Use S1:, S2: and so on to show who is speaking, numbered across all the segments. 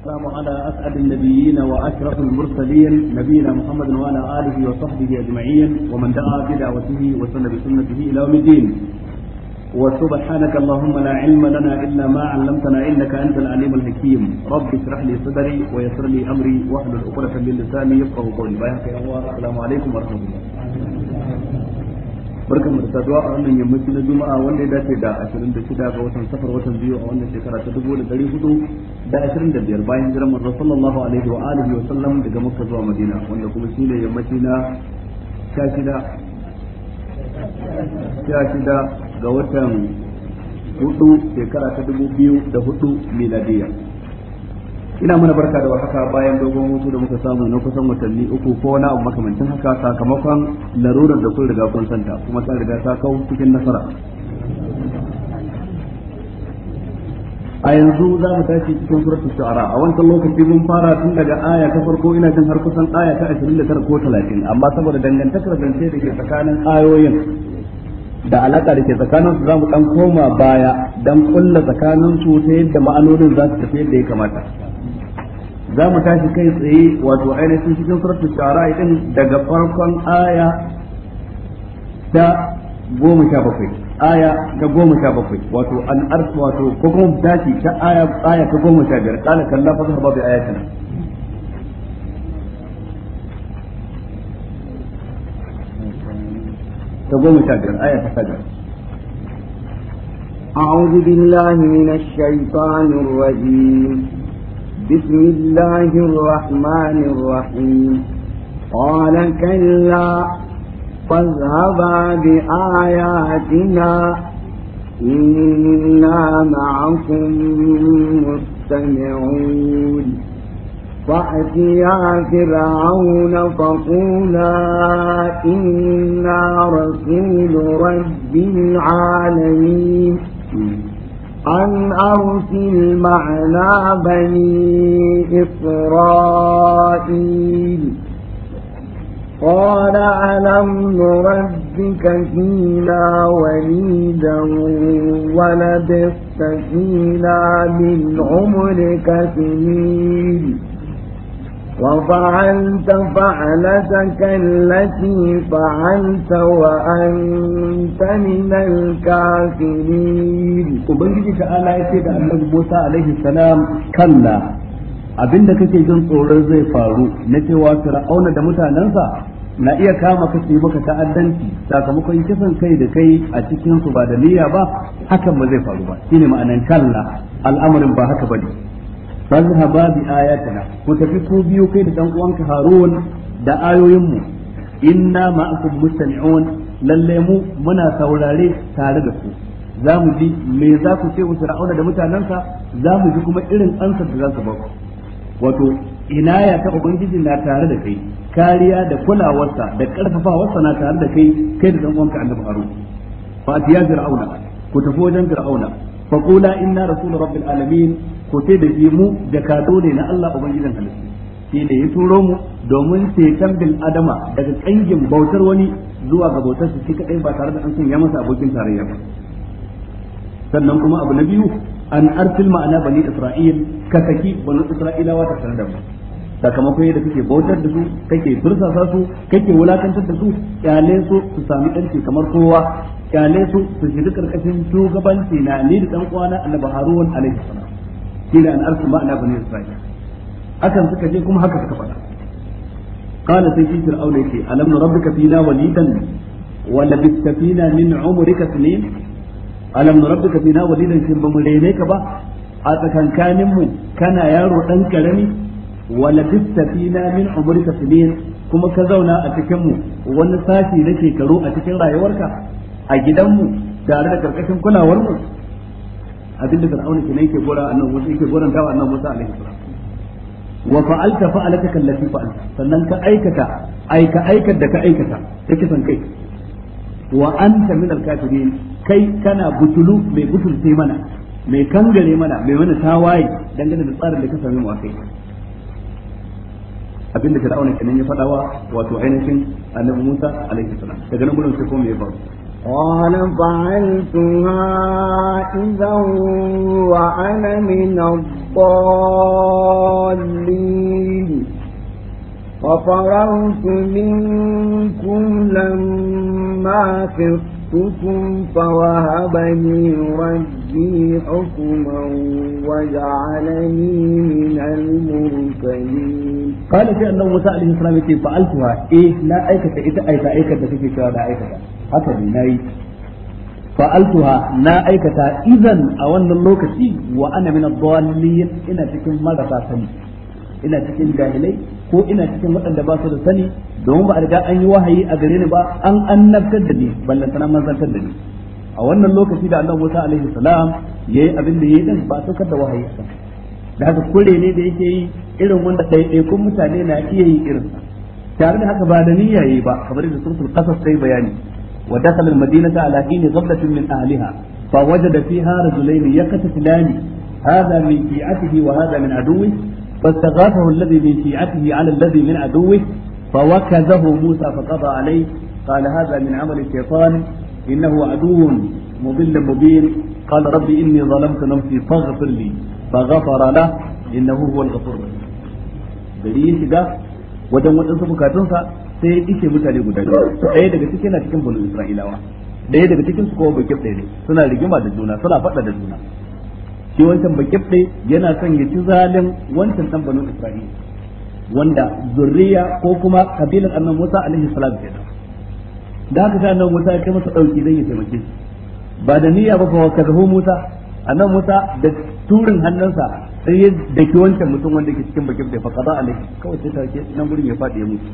S1: السلام على أسعد النبيين وأشرف المرسلين نبينا محمد وعلى آله وصحبه أجمعين ومن دعا بدعوته وسن بسنته إلى يوم الدين وسبحانك اللهم لا علم لنا إلا ما علمتنا إنك أنت العليم الحكيم رب اشرح لي صدري ويسر لي أمري واحلل عقدة من لساني يفقه قولي السلام عليكم ورحمة الله barkan mu da saduwa a wannan yammaci na juma'a wanda ya dace da 26 ga watan safar watan biyu a wannan shekara ta dubu da 25 bayan jiran manzon sallallahu alaihi wa alihi wa sallam daga makka zuwa madina wanda kuma shi ne yammaci na 16 16 ga watan hudu shekara ta 2004 miladiyya ina mana barka da warhaka bayan dogon hutu da muka samu na kusan watanni uku ko wani abu makamancin haka sakamakon larurar da kun riga kun santa kuma ta riga ta kawo cikin nasara a yanzu za mu tashi cikin suratu shu'ara a wancan lokaci mun fara tun daga aya ta farko ina jin har kusan aya ta 29 ko 30 amma saboda dangantakar zance da ke tsakanin ayoyin da alaka da ke tsakanin su zamu dan koma baya dan kulla tsakanin su ta yadda ma'anonin za su tafi yadda ya kamata za mu tashi kai tsaye wato ainihin cikin suratul shara idan daga farkon aya ta goma sha bakwai aya ta goma sha bakwai wato an arsu wato ko kuma mu tashi ta aya aya ta goma sha biyar kana kalla fa sahaba bi ayatina ta goma sha biyar aya ta sha biyar
S2: أعوذ بالله من الشيطان الرجيم بسم الله الرحمن الرحيم قال كلا فاذهبا بآياتنا إنا معكم مستمعون فأتيا فرعون فقولا إنا رسول رب العالمين أن أرسل معنا بني إسرائيل قال ألم نربك فينا وليدا ولبثت فينا من عمرك سنين وفعلت فعلتك التي فعلت وأنت كنت من
S1: الكافرين وبنجي تعالى يسيد da موسى عليه السلام كلا abin da kake jin tsoron zai faru na cewa fir'auna da mutanensa na iya kama kake maka ta'addanci sakamakon kisan kai da kai a cikin su ba da niyya ba hakan ba zai faru ba shine ma'anan kalla al'amarin ba haka bane ba bi ayatina ku tafi ku biyu kai da dan uwanka harun da ayoyin mu inna ma'akum mustami'un lalle mu muna saurare tare da ku za mu ji me za ku ce wa fir'auna da mutanensa za mu ji kuma irin ansar da za su ba wato inaya ta ubangiji na tare da kai kariya da kulawarsa da karfafawarsa na tare da kai kai da dan uwanka annabi harun fa ya fir'auna ku tafi wajen fir'auna fa qula inna rasul rabbil alamin ku sai da mu jakado ne na Allah ubangijin halittu shine ya turo mu domin ceton bin adama daga kangin bautar wani zuwa ga bautar shi kadai ba tare da an sanya masa abokin tarayya ba sannan kuma abu na biyu an arsil ma'ana bani isra'il ka saki bani isra'ilawa ta tare da mu sakamakon yadda kake bautar da su kake tursasa su kake wulakantar da su kyale su su sami ɗanci kamar kowa kyale su su shiga karkashin shugabanci na ni da dan uwana annabi alaihi salam kila an arsil ma'ana bani isra'il akan suka je kuma haka suka faɗa qala sai fir'auna yace alam nurabbika fina walidan wa labista fina min umrika sinin alam nurabbika fina walidan shin bamu rene ka ba a tsakankanin mu kana yaro ɗan karami wa labista fina min umrika sinin kuma ka zauna a cikin wani sashi na shekaru a cikin rayuwarka a gidanmu tare da karkashin kulawar mu abinda Musa yake Musa wa fa'alta fa'alataka allati fa'alta sannan ka aikata aika aikar da ka aikata ta kisan kai wa anta min al-kafirin kai kana butulu mai butulce mana mai kangare mana mai mana tawaye dangane da tsarin da ka same mu akai abinda fir'auna kenan ya faɗawa, wato ainihin annabi Musa alaihi salam daga nan gurin sai kuma ya قال
S2: فعلتها إذا وأنا من الضالين ففررت منكم لما خفتكم فوهبني ربي حكما وجعلني
S1: من المرسلين قال في أنه موسى عليه السلام فعلتها إيه لا أيكة إذا أيكة أيكة تكفي شهادة أيكة, أيكة, أيكة, أيكة haka ne yi fa'altuha na aikata idan a wannan lokaci wa ana min ad ina cikin marasa sani ina cikin jahilai ko ina cikin waɗanda ba su da sani domin ba a riga an yi wahayi a gare ni ba an annabtar da ni ballantana manzantar da ni a wannan lokaci da annabi Musa alaihi salam yayi abin da yayi din ba saukar da wahayi a da haka kure ne da yake yi irin wanda ɗaiɗaikun mutane na iya yi irinsa tare da haka ba da niyya yi ba kamar da surtul qasas sai bayani ودخل المدينة على حين غفلة من أهلها فوجد فيها رجلين يقتتلان هذا من شيعته وهذا من عدوه فاستغاثه الذي من شيعته على الذي من عدوه فوكزه موسى فقضى عليه قال هذا من عمل الشيطان إنه عدو مضل مبين قال رب إني ظلمت نفسي فاغفر لي فغفر له إنه هو الغفور الرحيم دليل كده ودم wajen waɗansu sai ya ishe mutane guda biyu ɗaya daga cikin yana cikin bulu isra'ilawa ɗaya daga cikin su kowa bakif ɗaya ne suna rigima da juna suna faɗa da juna shi wancan bakif ɗaya yana son ya ci zalin wancan ɗan banu isra'ila wanda zurriya ko kuma kabilan annan musa alaihi salam kenan da haka sai annan musa ya kai masa ɗauki zai ya taimake shi ba da niyya ba ka kazahu musa annan musa da turin hannunsa sai ya daki wancan mutum wanda ke cikin bakif ɗaya fa kaza alaihi kawai sai ta ke nan gurin ya faɗi ya mutu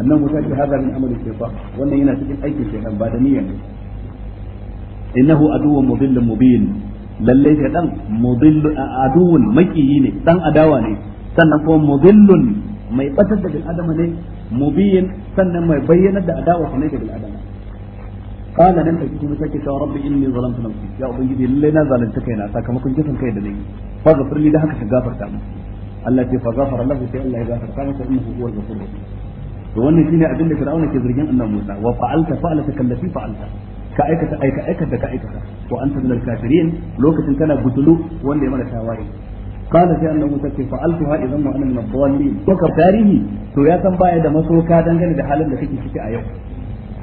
S1: annan musa ce hada min amali shaytan wannan yana cikin aikin shaytan ba da niyyar innahu aduwwun mudillun mubin lalle shaytan mudillu aduwwun makiyi ne dan adawa ne sannan kuma mudillun mai batar da bil adama ne mubin sannan mai bayyana da adawa ne ga bil adama قال لن تكتب سكت رب إني ظلمت نفسي يا أبنجي لنا ظلمت كينا ساكمكم جسم كيدا ka فاغفر لي لهك تغافر تعمل التي فغفر له في الله إذا فرقامك إنه هو الغفور الرحيم to wannan shine abin da fir'auna ke zargin annabi Musa wa fa'alta fa'alata kallati fa'alta ka aikata aika aikata ka aikata wa an minal kafirin lokacin kana butulu wanda ya mana tawaye قال sai annabi Musa ce fa'altuha idan ma ana min ad-dallin to ka tarihi to ya san baya da masoka dangane da halin da kake ciki a yau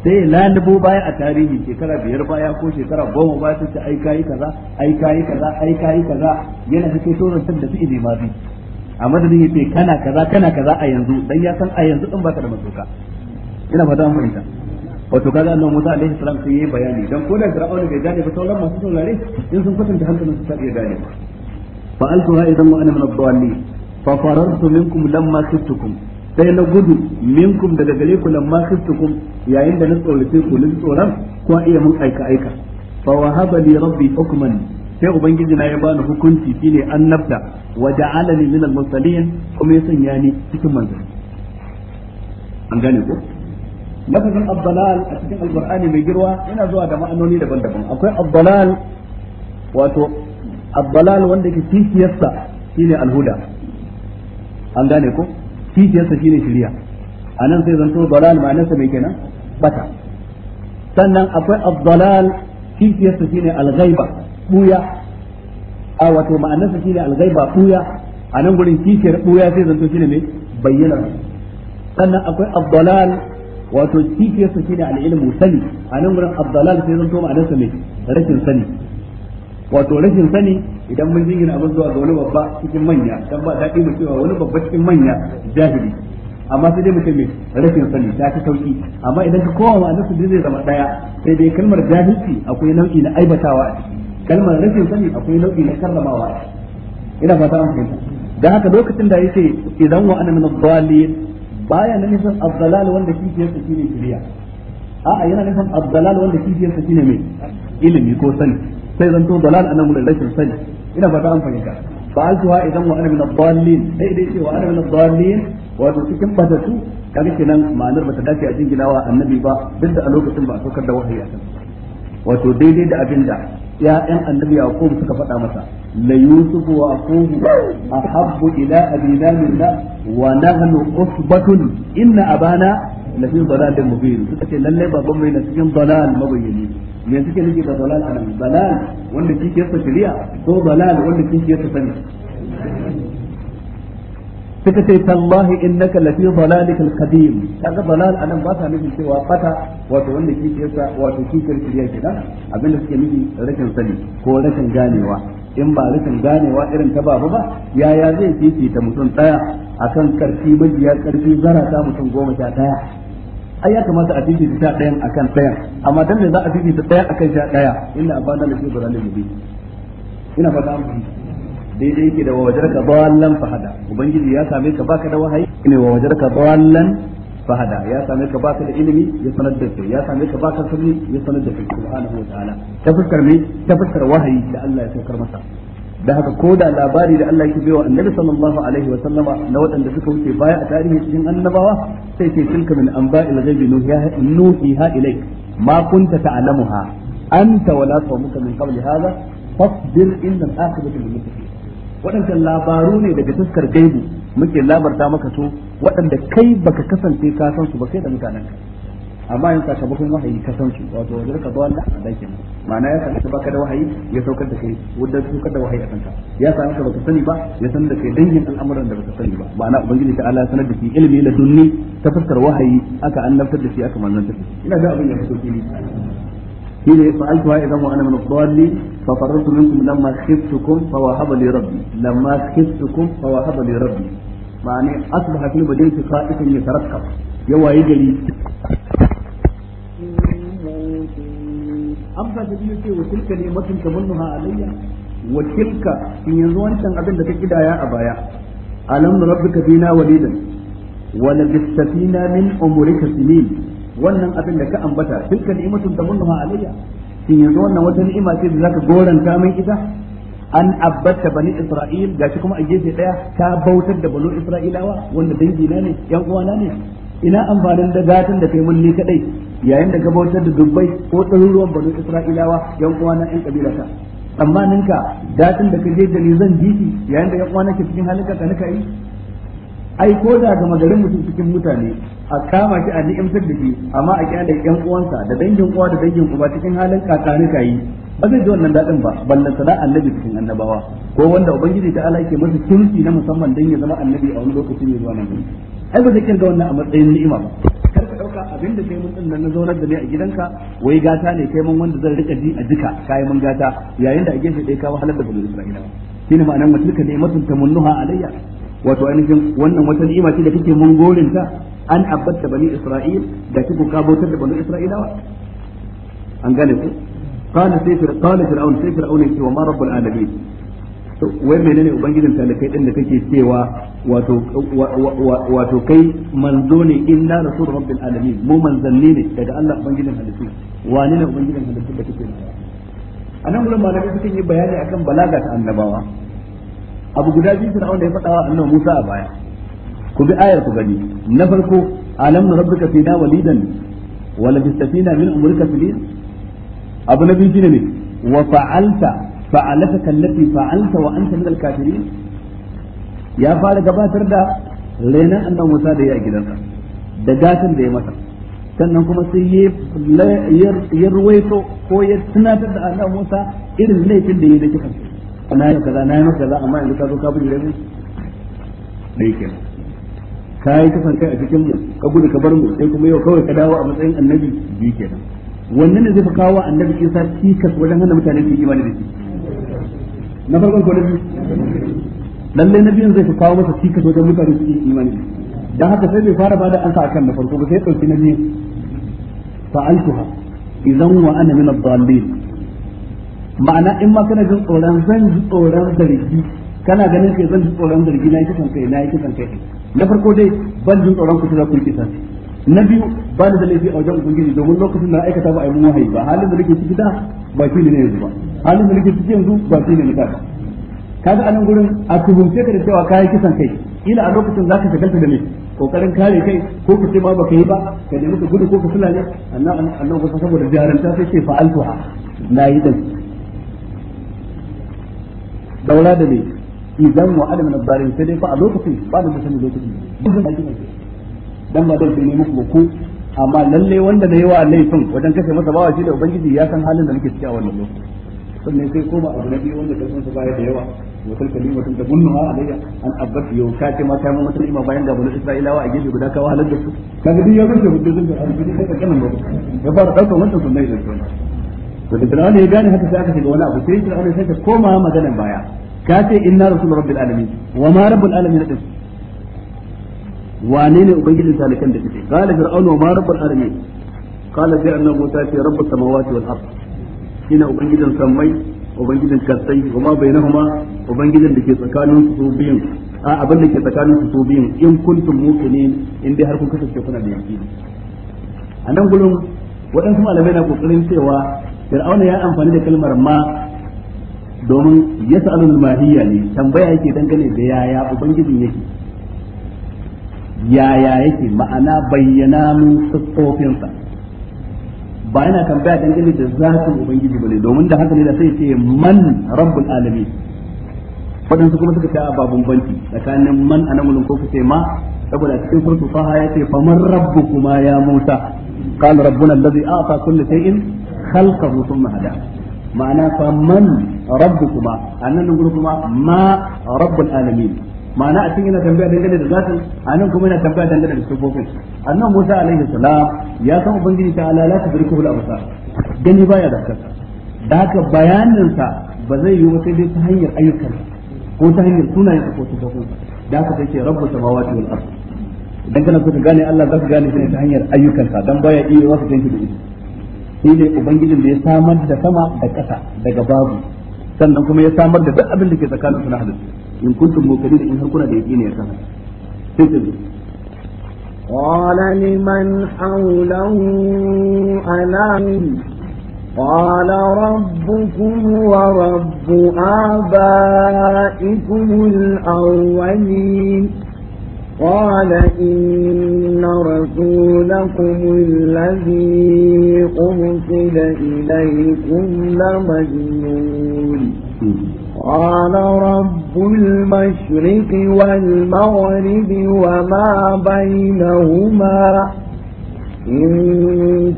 S1: sai lalubo baya a tarihi shekara biyar baya ko shekara goma baya sai aika yi kaza aika yi kaza aika yi kaza yana cikin sauran da su ilimadi a madadin ya ce kana kaza kana kaza a yanzu dan ya san a yanzu din baka da masoka ina fata an fahimta wato kaga annabi Musa alaihi salam sai yayi bayani dan ko da Fir'aun bai gane ba sauran masu saurare in sun kwatanta hankalin su sai ya gane fa altuha idan wa ana min ad-dallin fa farartu minkum lamma khiftukum sai na gudu minkum daga gare ku lamma khiftukum yayin da na tsorace ku lin tsoran ko iya mun aika aika fa wahaba li rabbi hukman sai ubangiji na ya bani hukunci shine annabta wa ja'alani minal mursalin kuma ya sanya ni cikin manzanni an gane ko lafazin abdalal a cikin alqur'ani mai girwa yana zuwa da ma'anoni daban-daban akwai abdalal wato abdalal wanda ke kishiyarsa shine alhuda an gane ko kishiyarsa shine shari'a anan sai zanto dalal ma'anarsa mai kenan bata sannan akwai abdalal kishiyarsa shine alghaiba buya a wato ma'anarsa shine al-ghaiba buya a nan gurin kishiyar buya sai zanto shine mai bayyana sannan akwai abdalal wato kishiyarsa shine al-ilmu sani a nan gurin abdalal sai zanto ma'anarsa mai rashin sani wato rashin sani idan mun jingina abin zuwa ga wani babba cikin manya dan ba daɗi mu cewa wani babba cikin manya jahili amma sai dai mutum mai rashin sani ta ta sauki amma idan ka kowa ma'anarsa zai zama ɗaya, sai dai kalmar jahilci akwai nau'i na aibatawa a ciki kalmar rashin sani akwai nau'i na karramawa ina fata an fahimta dan haka lokacin da yake idan wa ana min adh-dhalin baya nan nisan adh-dhalal wanda kifiyar sa shine shiriya a'a yana nisan adh-dhalal wanda kifiyar sa shine mai ilimi ko sani sai zan to dalal anan mun rashin sani ina fata an fahimta fa'altuha idan wa ana min adh sai dai ce wa ana min adh-dhalin wato cikin batatu kaga kenan ma'anar bata dace a jinginawa annabi ba duk da a lokacin ba a saukar da wahayi a wato daidai da abin da ya'yan annabi yaqub suka faɗa masa la yusufu wa aquhu ahabbu ila abina minna wa nahnu usbatun inna abana la fi dalalin mubin suka ce lalle baban mai na cikin dalal mabayyani me suke nufi da dalal anan dalal wanda kike sa shari'a ko dalal wanda kike sa sani suka ce tallahi innaka lafi dalalikal qadim kaga dalal anan ba ta nufin cewa fata wato wanda kike yasa wato kike kiriya kenan abinda suke nufi rashin sani ko rashin ganewa in ba rashin ganewa irin ta babu ba yaya zai kike ta mutum daya akan karfi majiya karfi zara ta mutum goma sha daya ai ya kamata a fifi ta dayan akan dayan amma dan me za a fifi ta daya akan sha daya inna abana lafi dalalikal qadim ina fata mu daidai yake da wajarka dallan fahada ubangiji ya same ka baka da wahayi ne wajarka dallan fahada ya same ka baka da ilimi ya sanar da kai ya same ka baka sirri ya sanar da kai subhanahu wataala ta fuskar me ta fuskar wahayi da Allah ya saukar masa da haka ko da labari da Allah yake baiwa annabi sallallahu alaihi wa sallama na waɗanda suka wuce baya a tarihi cikin annabawa sai ce tilka min anba'il ghaibi nuhiha ilaik ma kunta ta'lamuha anta wala qawmuka min qabli hadha fasbir innal akhirata lil muttaqin waɗancan labaru ne daga tuskar gaibu muke labarta maka su waɗanda kai baka kasance ka san su ba sai da mutanen ka amma yin sakamakon wahayi ka san su wato wajen ka zuwa da dakin ma'ana ya sanar baka da wahayi ya saukar da kai wanda saukar da wahayi a kanka ya sanar ka baka sani ba ya sanar da kai dangin al'amuran da baka sani ba ma'ana ubangiji ta Allah sanar da shi ilmi ladunni ta fuskar wahayi aka annabtar da shi aka manzantar da shi ina ga abin ya fito fili shine fa'altuha idan wa ana min dhalli fa farartu minkum lamma khiftukum fa wahaba li rabbi lamma khiftukum fa wahaba li rabbi ma'ani asbaha fil badanti qa'itun yatarakkab waye gari abba da biyu ce wakilka ne mutum ka munnuha alayya wakilka in yanzu wancan abin da ka kidaya a baya alam rabbika bina walidan wa labistafina min umrika sinin wannan abin da ka ambata tilka ni'matun tamunnuha alayya shin yanzu wannan wata ni'ima ce da zaka goranta min ita an abbata bani isra'il gashi kuma a gefe daya ka bautar da Bani isra'ilawa wanda dangi na ne yan uwana ne ina amfanin da gatan da kai mun ni kadai yayin da ka bautar da dubbai ko ɗaruruwan Bani isra'ilawa yan uwana yan kabila ta amma ninka datin da ka je da ni zan ji yayin da yan uwana ke cikin halin ka ka yi ai ko da ga magarin mutum cikin mutane a kama shi a ni'imtar da shi amma a kyale yan uwansa da dangin uwa da dangin uba cikin halin kakani kayi ba zai ji wannan daɗin ba ballan sana annabi cikin annabawa ko wanda ubangiji ta ala yake masa kirki na musamman dan ya zama annabi a wani lokaci mai zuwa nan ai ba zai kirga wannan a matsayin ni'ima ba kar ka ɗauka abin da kai mun na zaunar da ni a gidanka wai gata ne kai mun wanda zan rika ji a jika kai mun gata yayin da a gefe dai ka wahalar da bulu Isra'ila shine ma'anar ka ne ni'matun tamunnuha alayya wato ainihin wannan wata ni'ima ce da kake mun gorinta an abbata bani isra'il da kike kabotar da bani isra'ilawa an gane ku qala sai qala fir'aun sai fir'aun yake wa ma rabbul alamin to wai menene ubangijin kai din da kake cewa wato wato kai manzo ne inna rasul rabbil alamin mu manzanni ne daga Allah ubangijin halittu wani ne ubangijin halittu da kake a nan gurin malamai suke yi bayani akan balaga ta annabawa abu guda biyu fir'aun da ya faɗa wa annabi Musa a baya ku bi ayar ku gani na farko alam rabbuka fina walidan wa la bistafina min umrika filin abu na biyu shine ne wa fa'alta fa'alataka allati fa'alta wa anta min al-kafirin ya fara gabatar da renan annabi Musa da ya a gidansa da gatan da ya masa sannan kuma sai ya ruwaito ko ya tunatar da annabi Musa irin laifin da ya da kikansa na yi kaza na yi maka kaza amma yanzu ka zo ka bujire mu dai kenan ka yi kasan kai a cikin mu ka gudu ka bar mu sai kuma yau kawai ka dawo a matsayin annabi bi ke kenan wannan ne zai fi kawo annabi Isa cikas wajen hana mutane su yi imani da
S3: shi
S1: na farkon ko na biyu lallai zai fi kawo masa cikas wajen mutane su yi imani da dan haka sai bai fara bada ansa akan na farko ba sai dauki na biyu fa'altuha idan wa ana min ad-dallin ma'ana in ma kana jin tsoron zan ji tsoron zargi kana ganin ke zan ji tsoron zargi na yi kisan kai na yi kisan kai na farko dai ban jin tsoron ku za ku kisan na biyu ba ni da laifi a wajen ubangiji domin lokacin da aikata ba a yi mun wahayi ba halin da nake ciki da ba shi ne yanzu ba halin da nake ciki yanzu ba shi ne na ka kaga anan gurin a tubunce ka da cewa ka yi kisan kai ila a lokacin zaka shagalta da ni kokarin kare kai ko ka ce ba ka yi ba ka nemi ka gudu ko ka fulani annabi ko saboda jaranta sai ke fa'altuha na yi din daura da me idan wa alimin abdarin sai dai fa a lokacin ba da mutum lokacin dan ba dai ne muku amma lalle wanda na yi laifin wajen kashe masa bawa shi da ubangiji ya san halin da nake ciki a wannan lokacin sannan sai koma abu na biyu wanda kasan su baya da yawa wa tilka ni mutum da gunnuha alayya an abbat yau ka ce mata mun bayan isra'ilawa a gefe guda kawo da su kaga duk ya da ba ya fara daukar wannan sunnai da sunnai to da fir'auna ya gane haka sai aka shiga wani abu sai fir'auna ya sake koma magana baya ka ce inna rasul rabbil alamin wa ma rabbul alamin din wane ne ubangijin talikan da kike qala fir'auna wa ma rabbul alamin qala sai annabi Musa ce rabbus samawati wal ard shine ubangijin sammai ubangijin kasai kuma bainahuma ubangijin da ke tsakanin su biyun a abin da ke tsakanin su biyun in kuntum muqinin in dai har kun kasance kuna da yaqini a nan gurin waɗansu malamai na kokarin cewa fir'auna ya amfani da kalmar ma domin ya sa'alun mahiyya ne tambaya yake dangane da yaya ubangijin yake yaya yake ma'ana bayyana mun siffofinsa ba yana tambaya dangane da zafin ubangiji bane domin da haka ne da sai ce man rabbul alamin waɗansu kuma suka ce a babun banci tsakanin man a ko ku ma saboda cikin kurtu faha ya ce faman rabbu kuma ya musa qala rabbuna allazi a'ta kulli shay'in khalqahu thumma mahada ma'ana fa man rabbukuma annan gurin kuma ma rabbul alamin ma'ana a cikin yana tambaya dangane da a anan kuma yana tambaya dangane da sufofin annan Musa alaihi salam ya san ubangiji ta ala la tudrikuhu al-absar gani baya da kansa da haka bayanin sa ba zai yi wata ta hanyar ayyukan ko ta hanyar ko da haka sai ce samawati wal ard idan kana so ka gane Allah zaka gane shi ta hanyar ayyukan sa dan baya iya wasu tanki da ido shi ne ubangijin da ya samar da sama da ƙasa daga babu sannan kuma ya samar da duk abin da ke tsakanin su na halittu in kuntum mukari da in har kuna da yaqini ya ne sai ce
S2: قال لمن حوله ألم قال ربكم ورب آبائكم الأولين قال إن رسولكم الذي أرسل إليكم لمجنون قال رب المشرق والمغرب وما بينهما إن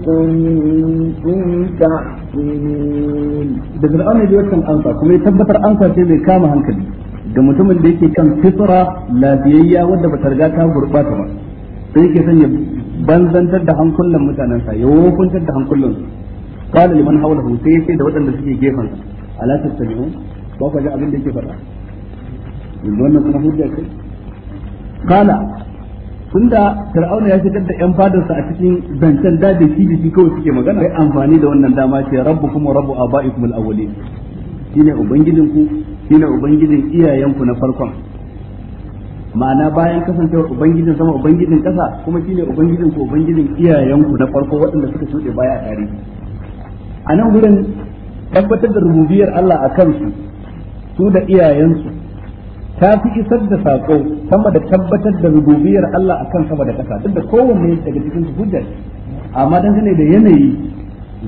S2: كنتم تحسنون
S1: بدر أنا جوكم أنصر كم يتبتر أنصر في كام هنكبير ga mutumin da yake kan fitra lafiyayya wadda ba riga ta gurbata ba sai yake son ya banzantar da hankulan mutanen sa ya wofuntar da hankulan su qala liman hawlahu sai yace da waɗanda suke gefan sa ala tattabi'u ba ku ga abin da yake faɗa yanzu wannan kuma hujja ce qala tunda fir'auna ya shigar da yan fadarsa a cikin zancen da da shi da shi kawai suke magana sai amfani da wannan dama ce rabbukum wa rabbu abaikum al-awwalin shine ubangijinku shine ubangijin iyayenku na farkon ma'ana bayan kasancewa ubangijin sama ubangijin kasa kuma shine ubangijin ku ubangijin iyayenku na farko waɗanda suka shuɗe baya a tarihi a nan gurin tabbatar da rububiyar Allah a kansu su da iyayensu ta fi isar da saƙo sama da tabbatar da rububiyar Allah a kan sama da ƙasa duk da kowanne daga cikin su hujjar amma dangane da yanayi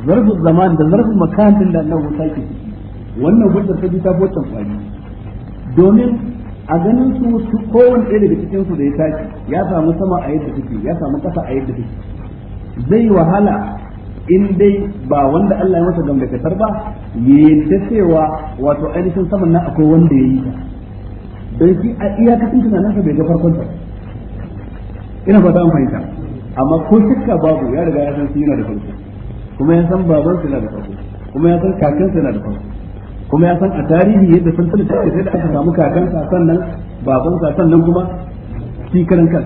S1: zarfin zaman da zarfin makamin da annabi Musa sake? ciki wannan hujjar ta ta bocan kwari domin a ganin su su kowane ɗaya daga cikin su da ya tashi ya samu sama a yadda take ya samu ƙasa a yadda take zai wahala in dai ba wanda Allah ya masa gamdakatar ba ya yadda cewa wato ainihin saman nan akwai wanda ya yi ta don shi a iyakacin tunaninsa bai ga farkon ta ina fata an fahimta amma ko shakka babu ya riga ya san su yana da farko kuma ya san su yana da farko kuma ya san kakansa yana da farko kuma ya san a tarihi yadda sun ta sai da aka samu kakansa sannan babansa sannan kuma shi karan kan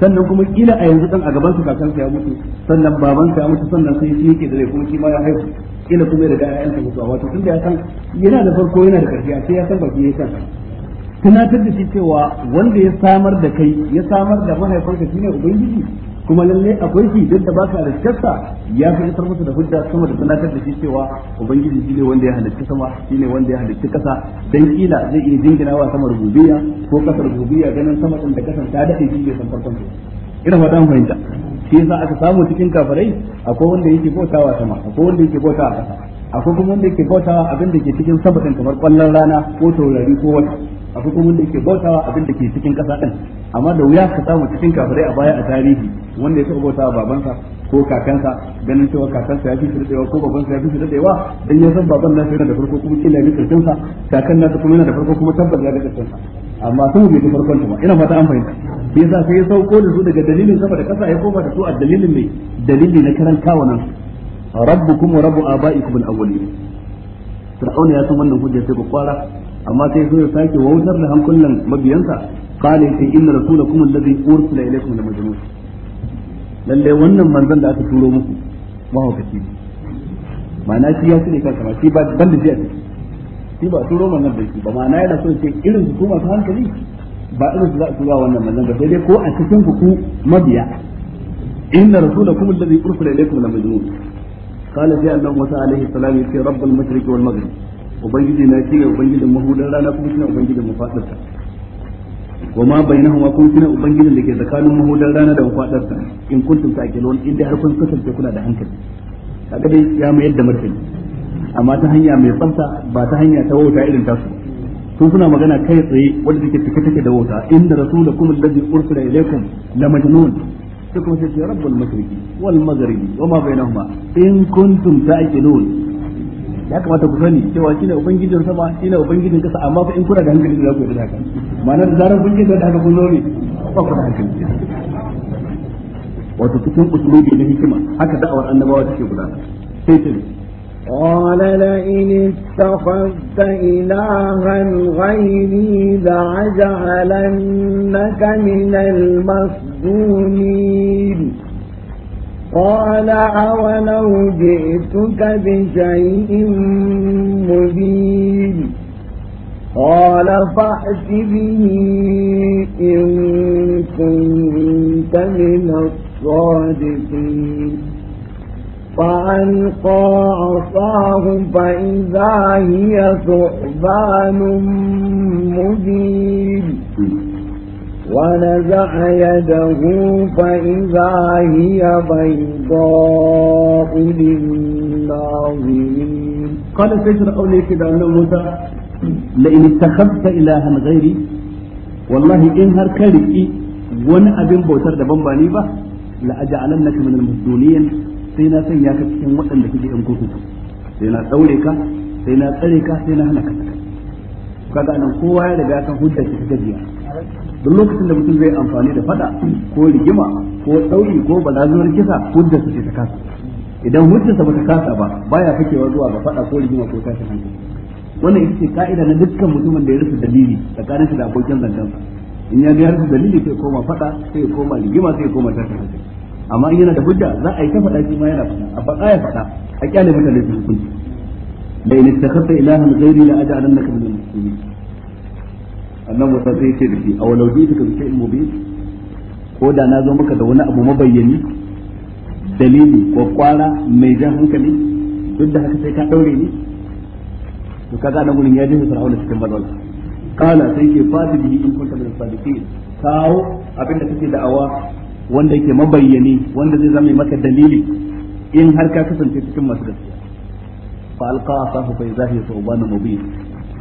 S1: sannan kuma kila a yanzu dan a gaban su kakansa ya mutu sannan babansa ya mutu sannan sai shi yake da rai kuma shi ma ya haihu kila kuma da ayyansa mutu mutuwa wato tunda ya san yana da farko yana da karfi a sai ya san baki ya san tunatar da shi cewa wanda ya samar da kai ya samar da mahaifanka shine ubangiji kuma lalle akwai shi duk da baka riskarsa ya fi isar masa da hujja sama da sanatar da shi cewa ubangiji shi ne wanda ya halitta sama shi ne wanda ya halitta kasa dan kila zai iya wa sama rububiyya ko kasa rububiyya ganin sama din da kasan ta dade shi ne san farkon ina fata mun fahimta shi yasa aka samu cikin kafirai akwai wanda yake bautawa sama akwai wanda yake bautawa kasa akwai kuma wanda ke bautawa abin da ke cikin sama kamar kwallon rana ko taurari ko wata akwai kuma wanda ke bautawa abin da ke cikin kasa din amma da wuya ka samu cikin kafirai a baya a tarihi wanda ya taɓa bautawa babansa ko kakansa ganin cewa kakansa ya fi shi daɗewa ko babansa ya fi shi daɗewa dan ya san baban nasa yana da farko kuma kila ya karshen sa kakan nasa kuma yana da farko kuma tabbas ya ga karshen sa amma sun bai ta farkon ta ba ina fata an fahimta yasa sai ya sauko da su daga dalilin sama da kasa ya koma da su a dalilin mai dalili na karan kawunan rabbukum wa rabbu abaikum al-awwalin fir'auna ya san wannan hujja sai ku kwara amma sai zo ya sake wautar da hankulan mabiyansa qala in inna rasulakum alladhi ursila ilaykum la majnun lalle wannan manzon da aka turo muku mahaukaci ne ma'ana shi ya shine kansa shi ba ban da jiya shi ba turo manzon da shi ba ma'ana yana so ce irin su kuma su hankali ba irin su za a tura wannan ko a cikin ku mabiya qala sai annabi Musa alaihi salam yace rabbul mashriqi wal maghrib ubangiji na shine ubangijin mahudan rana kuma shine ubangijin mafadarta wama bainahuma kuma shine ubangijin da ke tsakanin mahudan rana da mafadarta in kuntum ta'qilun in dai har kun kasance kuna da hankali kaga dai ya mayar da martani amma ta hanya mai ba ta hanya ta wauta irin tasu sun suna magana kai tsaye wanda take cike take da wauta inda rasulukum allazi ursila ilaykum la majnun sai kuma sai ce rabbul mashriqi wal maghribi wa ma bainahuma in kuntum ta'qilun ya kamata ku sani cewa shine ubangijin sama shine ubangijin kasa amma fa in kuna da hankali za ku yi haka ma'ana da zarar kun ji da haka kun zo ne ba ku da hankali wato cikin usulubi na hikima haka da'awar annabawa take gudana sai قال
S2: لئن اتخذت إلها غيري لأجعلنك من المصدومين قال أولو جئتك بشيء مبين قال فأت به إن كنت من الصادقين فألقى عصاه فإذا هي ثعبان مبين ونزع يده فإذا هي بيضاء للناظرين
S1: قال سيد الأولي كده موسى لئن اتخذت إلها غيري والله إن هركلي wani abin bautar daban ba ni ba la aja'alannaka min al-musdunin sai na sanya ka cikin waɗanda kike yan kurkuku sai na ɗaure ka sai na tsare ka sai na hana ka kaga nan kowa ya riga san hujjar ta gajiya duk lokacin da mutum zai amfani da fada ko rigima ko ɗauri ko balazuwar kisa hujjar su ce ta kasa idan hujjarsa bata kasa ba baya fakewa zuwa ga fada ko rigima ko tashin hankali wannan ita ce ka'ida na dukkan mutumin da ya rufe dalili tsakanin shi da abokin zancensa in ya ga ya rufe dalili sai koma fada sai koma rigima sai koma tashin hankali amma in yana da hujja za a yi ta faɗa shi ma yana faɗa a faɗa ya faɗa a kyale mutane su hukunci da in ittakhadta ilahan ghairi la aj'alannaka min al-muslimin annabi Musa sai ya ce da shi aw law ji'tuka bi shay'in mubin ko da na zo maka da wani abu mabayyani dalili ko kwara mai jan hankali duk da haka sai ka daure ni to kaga nan gurin ya jefa fir'auna cikin badal kala sai ke fati bihi in kunta min as-sadiqin kawo abinda kake da'awa wanda yake mabayyani wanda zai zama maka dalili in har ka kasance cikin masu gaskiya fa alqa asahu fa izahi su'ban mubin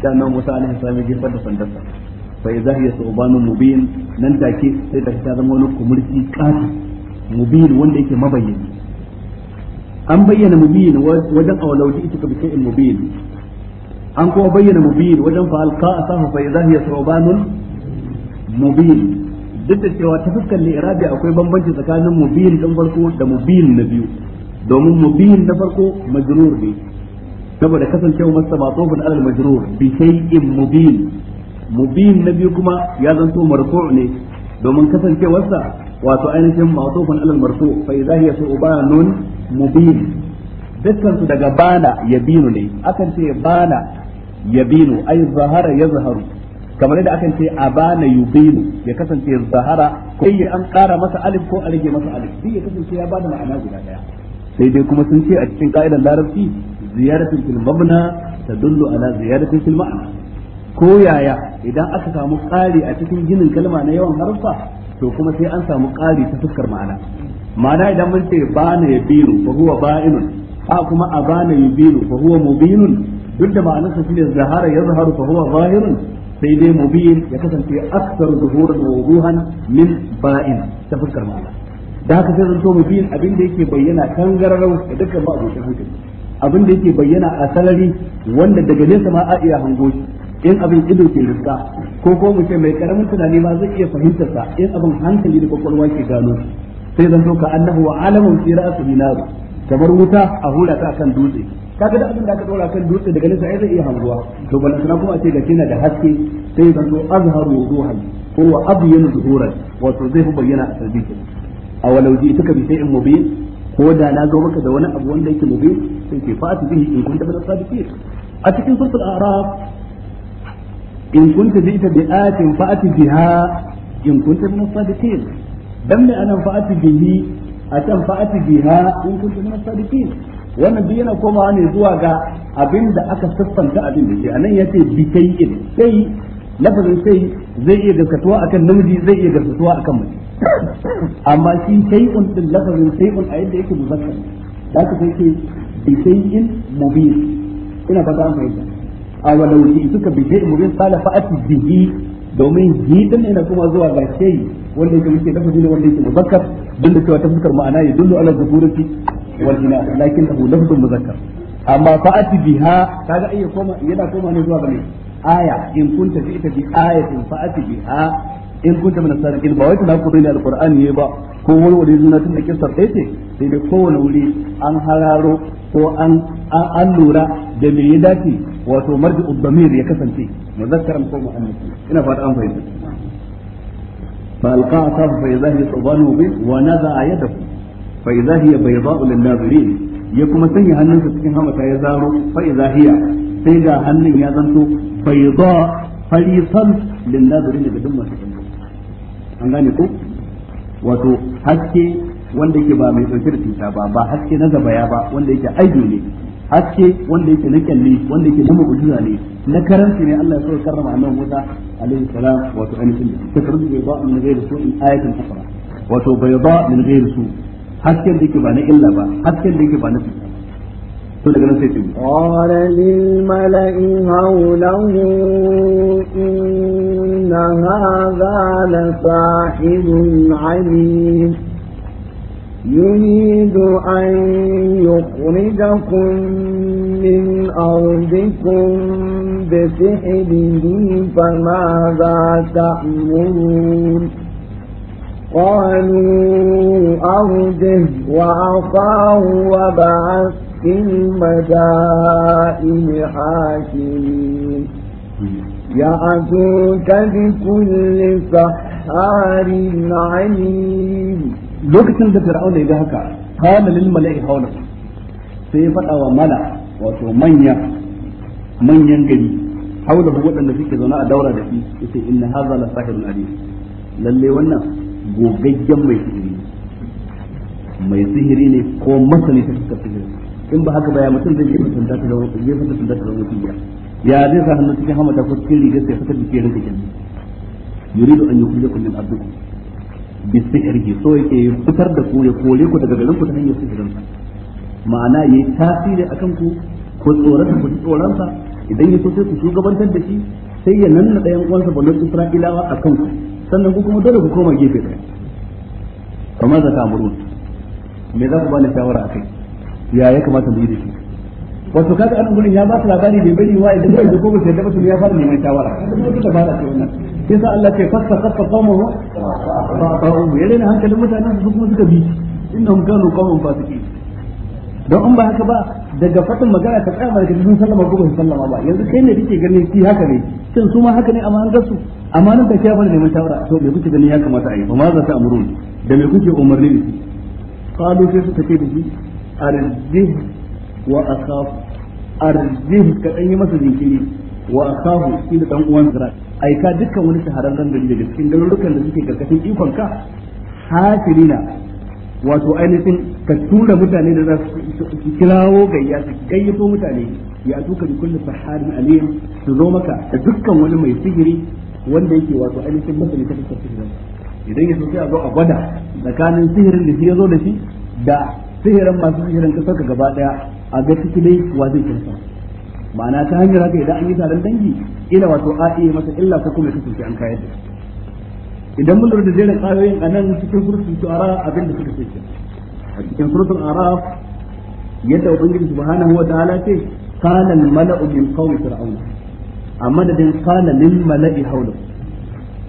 S1: dan nan Musa alaihi salam ya jefa da sandarsa fa izahi su'ban mubin nan ke sai da ta zama wani kumurci kafi mubin wanda yake mabayyani an bayyana mubin wajen awlauji ita ka bi shay'in mubin an kuma bayyana mubin wajen fa alqa asahu fa izahi su'ban mubin duk da cewa ta fuskar li'irabi akwai bambanci tsakanin mubin din farko da mubin na biyu domin mubin na farko majrur ne saboda kasancewa masa matofin alal majrur bi shay'in mubin mubin na biyu kuma ya zanto marfu' ne domin kasancewarsa wato ainihin matofin alal marfu' fa idza hiya su'banun mubin dukkan su daga bana yabinu ne akan ce bana yabinu ay zahara yazharu kamar da akan ce abana yubinu ya kasance zahara ko ya an kara masa alif ko a rage masa alif duk ya kasance ya bada ma'ana guda daya sai dai kuma sun ce a cikin ka'idar larabci ziyaratul fil mabna tadullu ala ziyaratul fil ma'ana ko yaya idan aka samu ƙari a cikin ginin kalma na yawan harfa to kuma sai an samu ƙari ta fuskar ma'ana ma'ana idan mun ce bana yabiru fa huwa ba'inun ha kuma abana yubiru fa huwa mubinun duk da ma'anarsa shine zahara yazharu fa huwa zahirun sai dai mubin ya kasance aksar zuhuran wuduhan min ba'in ta fuskar ma'ana da haka sai zanto mubin abin da yake bayyana tangararau da dukkan ba abokin hankali abin da yake bayyana a salari wanda daga nesa ma a iya hango shi in abin ido ke riska ko ko mu ce mai karamin tunani ma zai iya fahimtar sa in abin hankali da kwakwalwa ke gano sai zanto ka annahu wa alamun fi ra'su kamar wuta a hura ta kan dutse kaga da abin da aka dora kan dutse daga nesa ai zai iya hanzuwa to ban sanan kuma a ce gashi na da haske sai zan zo azharu wuduhan ko wa abyanu zuhuran wato zai fi bayyana a sarbi a walau ji tuka bi shay'in mubin ko da na zo maka da wani abu wanda yake mubin sai ke fa'atu bihi in kunta min as-sadiqin a cikin suratul a'raf in kunta ji'ta bi atin fa'ati biha in kunta min as-sadiqin dan me anan fa'ati bihi a can fa'ati biha in kuntum min sadiqin wannan duk yana komawa ne zuwa ga abin da aka siffanta abin da ke anan yace bi in sai lafazin sai zai iya gaskatuwa akan namiji zai iya gaskatuwa akan mace amma shi kai shay'un din lafazin shay'un a yadda yake muzakkar za ka sai ce bi shay'in mubin ina fata an fahimta a walau ji suka bi shay'in mubin qala fa'ati bihi domin hidan yana kuma zuwa ga shayi wanda yake muke lafazi ne wanda yake muzakkar duk da cewa ta fuskar ma'ana ya dullu ala zukurati wal ina lakin lahu lafzun muzakkar amma fa'ati biha kaga ayya koma yana koma ne zuwa ga me aya in kunta fi ita bi ayatin fa'ati biha in kunta min as-sadiqin ba wai tana kudu ne alqur'ani ne ba ko wani wani zuna tun da kisa ɗaya ce sai dai kowane wuri an hararo ko an an lura da me ya dace wato marji'ud damir ya kasance muzakkaran ko Muhammad, ina fata an fahimta فألقى عصاه فإذا هي ثعبان مبين ونزع يده فإذا هي بيضاء للناظرين يكما سني هنن سكين هما يزارو فإذا هي سيدا هنن يزنتو بيضاء فليصل للناظرين بدون ما تكلم an gane ko wato haske wanda yake ba mai dauke da cuta ba ba haske na zabaya ba wanda yake aibu ne haske wanda yake na kyalle wanda yake na mu'jiza ne na karanci ne Allah ya so karrama annabi Musa alaihi salam wato ainihin ta karbi bai ba min ghairi su in ayatin ukhra wato bai ba min ghairi su hasken da yake ba na illa ba hasken da yake ba na fitna to daga nan sai ce qala
S2: lil mala'i hawlahu inna hadha la sahibun alim يريد أن يخرجكم من أرضكم بسحره فماذا تأمرون قالوا أرجه وأخاه وبعث في المدائن حاكمين يأتوك بكل
S1: سحار عليم lokacin da fir'auna ya ga haka qala lil mala'i hawla sai ya faɗa wa mala wato manya manyan gari hawla waɗanda suke zauna a daura da shi yace inna hadha la sahirun alim lalle wannan gogaggen mai sihiri mai sihiri ne ko masani ta fuskar sihiri in ba haka ba ya mutum zai jefa tunda ta zama jefa tunda ta zama tiya ya zai sa hannu cikin hamata ko cikin rigar sai fitar da ke rinka kenan yuridu an yukhrijakum min ardikum bisihirhi so yake fitar da ku ya kore ku daga garin ku ta hanyar sihirin ma'ana yayi tasiri akan ku ko tsoron ku tsoron sa idan ya so sai ku shugabantar da shi sai ya nanna da yan uwansa banu Isra'ilawa kan ku sannan ku kuma dole ku koma gefe ɗaya kamar da kamurun me za ku bani shawara a akai ya ya kamata mu yi da shi wato kaga an gurin ya ba su labari bai bari wa idan bai ko bai da mutum ya fara neman shawara kuma duka ba da wannan sai sa Allah ce fasta fasta qawmuhu fa ta'u yare ne hankalin mutanen su kuma suka bi innahum kanu qawmun fasiqin don in ba haka ba daga fatan magana ka tsaya daga cikin sallama ko bai sallama ba yanzu kai ne kike ganin shi haka ne shin su ma haka ne amma an ga su amma nan ka kiyafa neman shawara to me kuke ganin ya kamata a yi ba ma za ta amuru da me kuke umarni ne shi qalu sai suka ce da shi arzih wa akhafu arzih ka dan yi masa jinkiri wa akhafu shi da dan uwan zira ai ka dukkan wani shahararren gari daga cikin garurukan da suke karkashin ikon ka hasirina wato ainihin ka tura mutane da za su kirawo gayya su gayyato mutane ya tuka da kullu saharin alim su zo maka da dukkan wani mai sihiri wanda yake wato ainihin masa masani ta fuskar sihirin idan ya so a zo a gwada tsakanin sihirin da shi ya zo da shi da sihirin masu sihirin kasar ka gaba daya a ga ciki dai wa zai kirsa ma'ana ta hanyar haka idan an yi taron dangi ina wato a iya masa illa ko kuma kasance an kayar da idan mun lura da jerin ayoyin a nan cikin surutun shu'ara abin da suka ce a cikin surutun araf yadda ubangiji subhanahu wa ta'ala ce qala al-mala'u min qawmi fir'auna amma da din qala lil mala'i hawla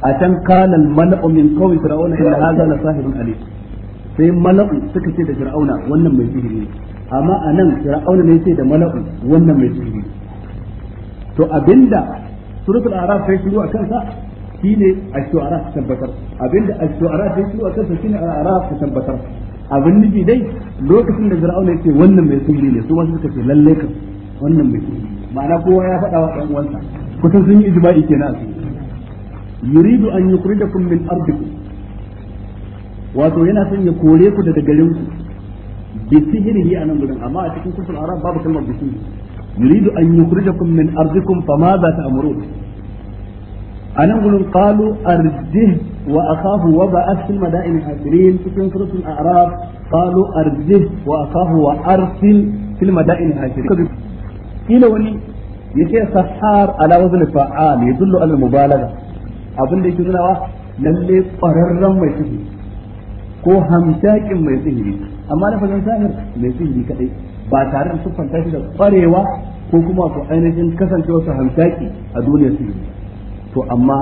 S1: a can qala al-mala'u min qawmi fir'auna inna hadha la sahibun alim sai mala'u suka ce da fir'auna wannan mai sihiri ne amma a nan fir'auna ne ce da mala'u wannan mai sihiri to abinda suratul araf sai shiru a kansa shine ash-shu'ara ta tabbatar abinda ash-shu'ara sai shiru a kansa shine al-araf ta tabbatar abin nufi dai lokacin da fir'auna ya ce wannan mai sihiri ne su ma suka ce lalle kan wannan mai sihiri ma'ana kowa ya faɗa wa ɗan uwansa kusan sun yi ijma'i kenan yuridu an yukhrijakum min ardikum wato yana son ya kore ku daga garin ku bi sihirihi anan gudun amma a cikin kutub arab babu kalmar bisu yuridu an yukhrijakum min ardikum famadha ta'murun anan gudun qalu arjih wa akhahu wa ba'ath fil madain hasirin cikin suratul a'raf qalu arjih wa akhahu wa arsil fil madain hasirin kila wani yace sahar ala wazn fa'al yadullu ala mubalagha abin da yake nunawa lalle kwararren mai ciki ko hamshakin mai sihiri amma na fagen sahir mai sihiri kadai ba tare da siffanta shi da kwarewa ko kuma ko ainihin kasancewa su a duniyar sihiri to amma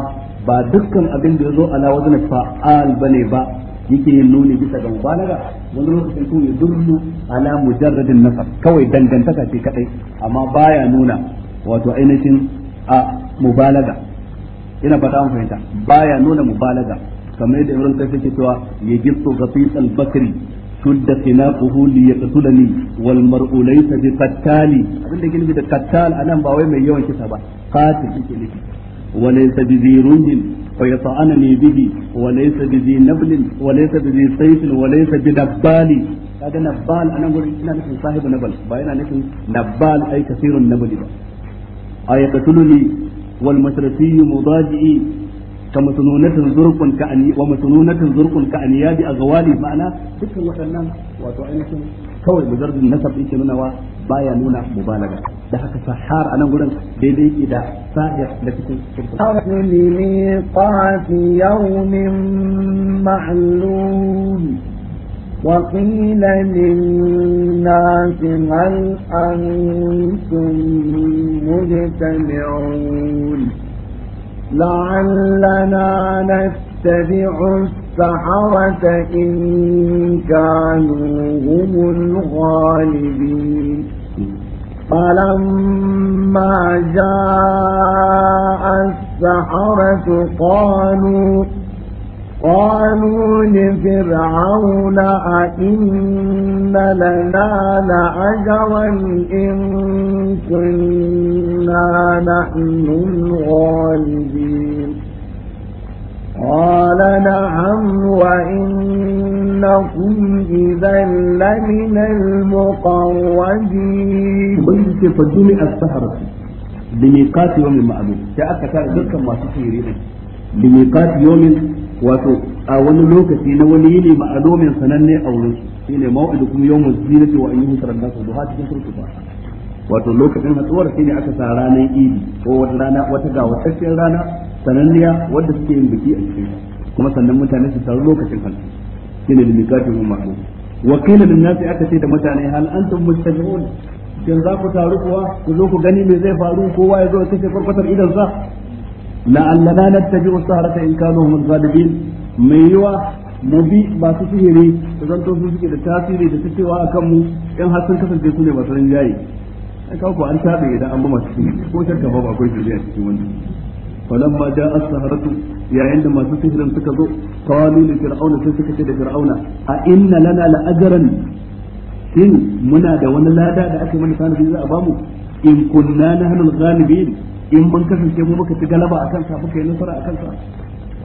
S1: ba dukkan abin da ya zo ala wajen fa'al bane ba yake yin nuni bisa ga mubalaga wani lokacin kuma ya dullu ala mujarradin nasar kawai dangantaka ce kadai amma baya nuna wato ainihin a mubalaga ina fata an fahimta baya nuna mubalaga kamar yadda imran kai yake cewa ya gitsu ghafis al-bakri shudda khinaquhu li yaqtulani wal mar'u laysa bi qattali abinda yake nufi da qattal anan ba wai mai yawan kisa ba qatil yake nufi wa laysa bi zirujin fa yata'anani bihi wa laysa bi zinablin wa laysa bi sayfin wa laysa bi dabbali kaga nabbal anan gurin ina nufin sahibu nabal ba yana nufin nabbal ai kasirun nabali ba ayaqtuluni wal masrasi mudaji'i zurkun ka wa zurkun ka كأني ومتنونة زرق كأنياب ma'ana dukkan ذكر wato ainihin kawai mujarrad nasab yake nuna wa baya nuna mubalaga da haka sahar anan gurin daidai yake da sahir da cikin
S2: kirkiri qati yawmin ma'lum وقيل للناس هل أنتم مجتمعون لعلنا نتبع السحرة إن كانوا هم الغالبين فلما جاء السحرة قالوا قالوا لفرعون أئن لنا لأجرا إن كنا نحن الغالبين قال نعم وإنكم إذا لمن المقربين بل
S1: فجمع السحرة بميقات يوم معلوم جاءت كان ذكر ما تسيرين بميقات يوم wato a wani lokaci na wani yini ma'alomin sananne a wurin su shine mau'idu kuma yawmul zinati wa ayyuhu taranda su duha cikin surtu ba wato lokacin hatsuwar shine aka sa ranar idi ko wata rana wata ga wata watacciyar rana sananniya wadda suke yin biki a cikin kuma sannan mutane su taru lokacin hantu shine limikatun ma'alum wa qila lin nasi aka ce da mutane hal antum mustaji'un shin za ku taru kuwa ku zo ku gani me zai faru kowa ya zo ya kashe farfatar idan sa la'allana nattabi'u saharata in kanu hum al-ghalibin mai yiwa mu bi masu sihiri da zanto su suke da tasiri da cewa a kanmu in har sun kasance su ne masu rinjaye ai kawo ko an tabe idan an ba masu sihiri ko shakka ba akwai a cikin wannan falan ma ja as-saharatu yayin da masu sihirin suka zo qalu li fir'auna sai suka ce da fir'auna a inna lana la ajran shin muna da wani lada da aka mana sanadi za a bamu in kunna nahnul ghalibin in mun kasance mu muka ci galaba a sa muka yi nasara akan sa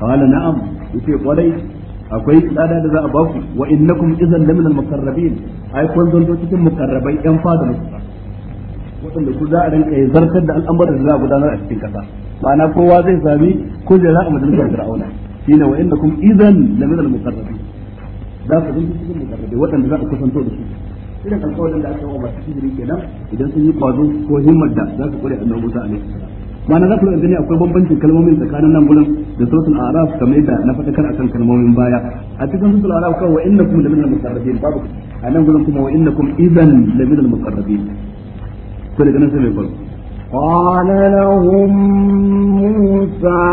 S1: qala na'am yace kwarai akwai tsada da za a baku wa innakum idan lamin al-muqarrabin ai kun zanto cikin muqarrabai yan fada ne wadanda ku za a rinka zartar da al'amuran da za a gudanar a cikin kasa ma'ana kowa zai sami kujera a majalisar fir'auna shine wa innakum idan lamin al-muqarrabin za ku zanto cikin muqarrabai waɗanda za a kusanto da su irin alƙawarin da aka yi wa masu sihiri kenan idan sun yi kwazo ko himmar da za su kware annabi Musa alaihi salam ma'ana za ku lura gani akwai bambancin kalmomin tsakanin nan gurin da sautin arab kamar yadda na faɗakar akan kalmomin baya a cikin sautin arab kawai wa innakum la minal muqarrabin babu a nan gurin kuma wa innakum idan la minal muqarrabin ko daga nan sai mai farko
S2: قال لهم موسى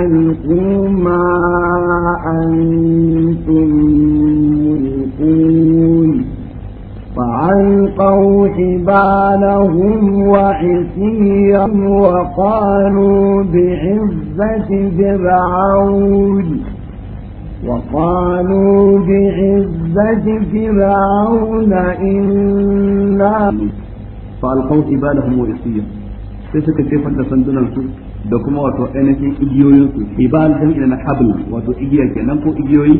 S2: ألقوا ما أنتم ملقون فألقوا حبالهم وعصيهم وقالوا بعزة فرعون وقالوا بعزة
S1: فرعون إنا فألقوا حبالهم وعصيهم sai suka jefar sandunan sandunansu da kuma wato ainihin su hibal dan ina na habl wato igiya kenan ko igiyoyi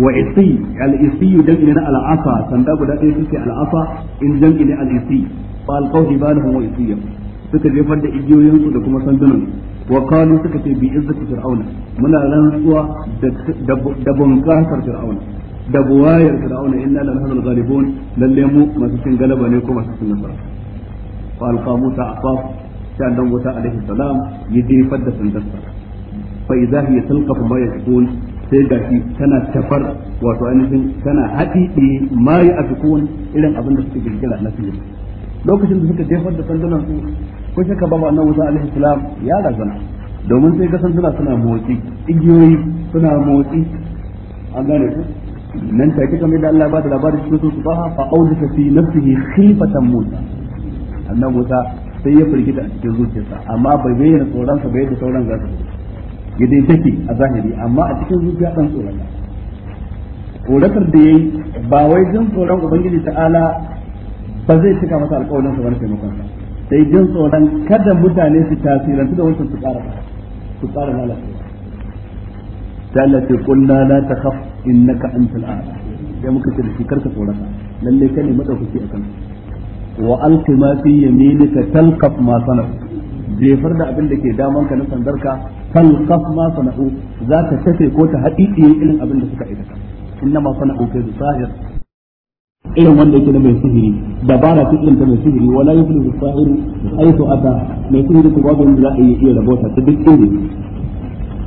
S1: wa isi al-isi jam'i na al-asa sanda guda ɗaya suke al-asa in jam'i ne al-isi fa al-qawhi banahum wa isiyya suka jefar da igiyoyin su da kuma sandunan wa qalu suka ce bi izzati fir'auna muna rantsuwa da bunkasar fir'auna da buwayar fir'auna inna la nahnu al-ghalibun lalle mu masu cin galaba ne ko masu cin nasara fa al-qamu ta'faf sai annabi Musa alaihi salam ya jefar da sandarsa fa idza hiya talqafu ma yakun sai ga shi tana tafar wato ainihin tana haɗi ɗi ma yi a tukun irin abin da suke girgira na fiye lokacin da suka jefar da sandunan su ko ka ba wannan wuta alaihi salam ya razana domin sai ga sanduna suna motsi igiyoyi suna motsi an gane su nan take kamar da Allah ba da labarin cikin su ba fa audika fi nafsihi khifatan musa annabi musa sai ya firgita a cikin zuciyarsa amma bai bayyana tsoron sa bai da sauran za su yadda take a zahiri amma a cikin zuciya dan tsorata tsoratar da ya yi ba wai jin tsoron ubangiji ta'ala ba zai cika masa alƙawarin sa ba taimakon sa sai jin tsoron kada mutane su tasirantu da wancan su ƙara su ƙara lalacewa ta Allah ce kullu la takhaf innaka antal a'la sai muka ce da shi karka tsorata lalle kai ne madaukaki akan wa alqi ma fi yaminika talqaf ma sanatu jefar da abin da ke daman ka na sandar ka falqaf ma sana'u za ka tafe ko ta haɗiɗiye irin abin da suka aikata inna ma sana'u kaydu sahir
S3: irin wanda yake na
S1: mai sihiri dabara ta irin ta mai sihiri wala yuflihu sahiru aitu ata mai sihiri ko babu wanda za a yi iya rabota ta duk irin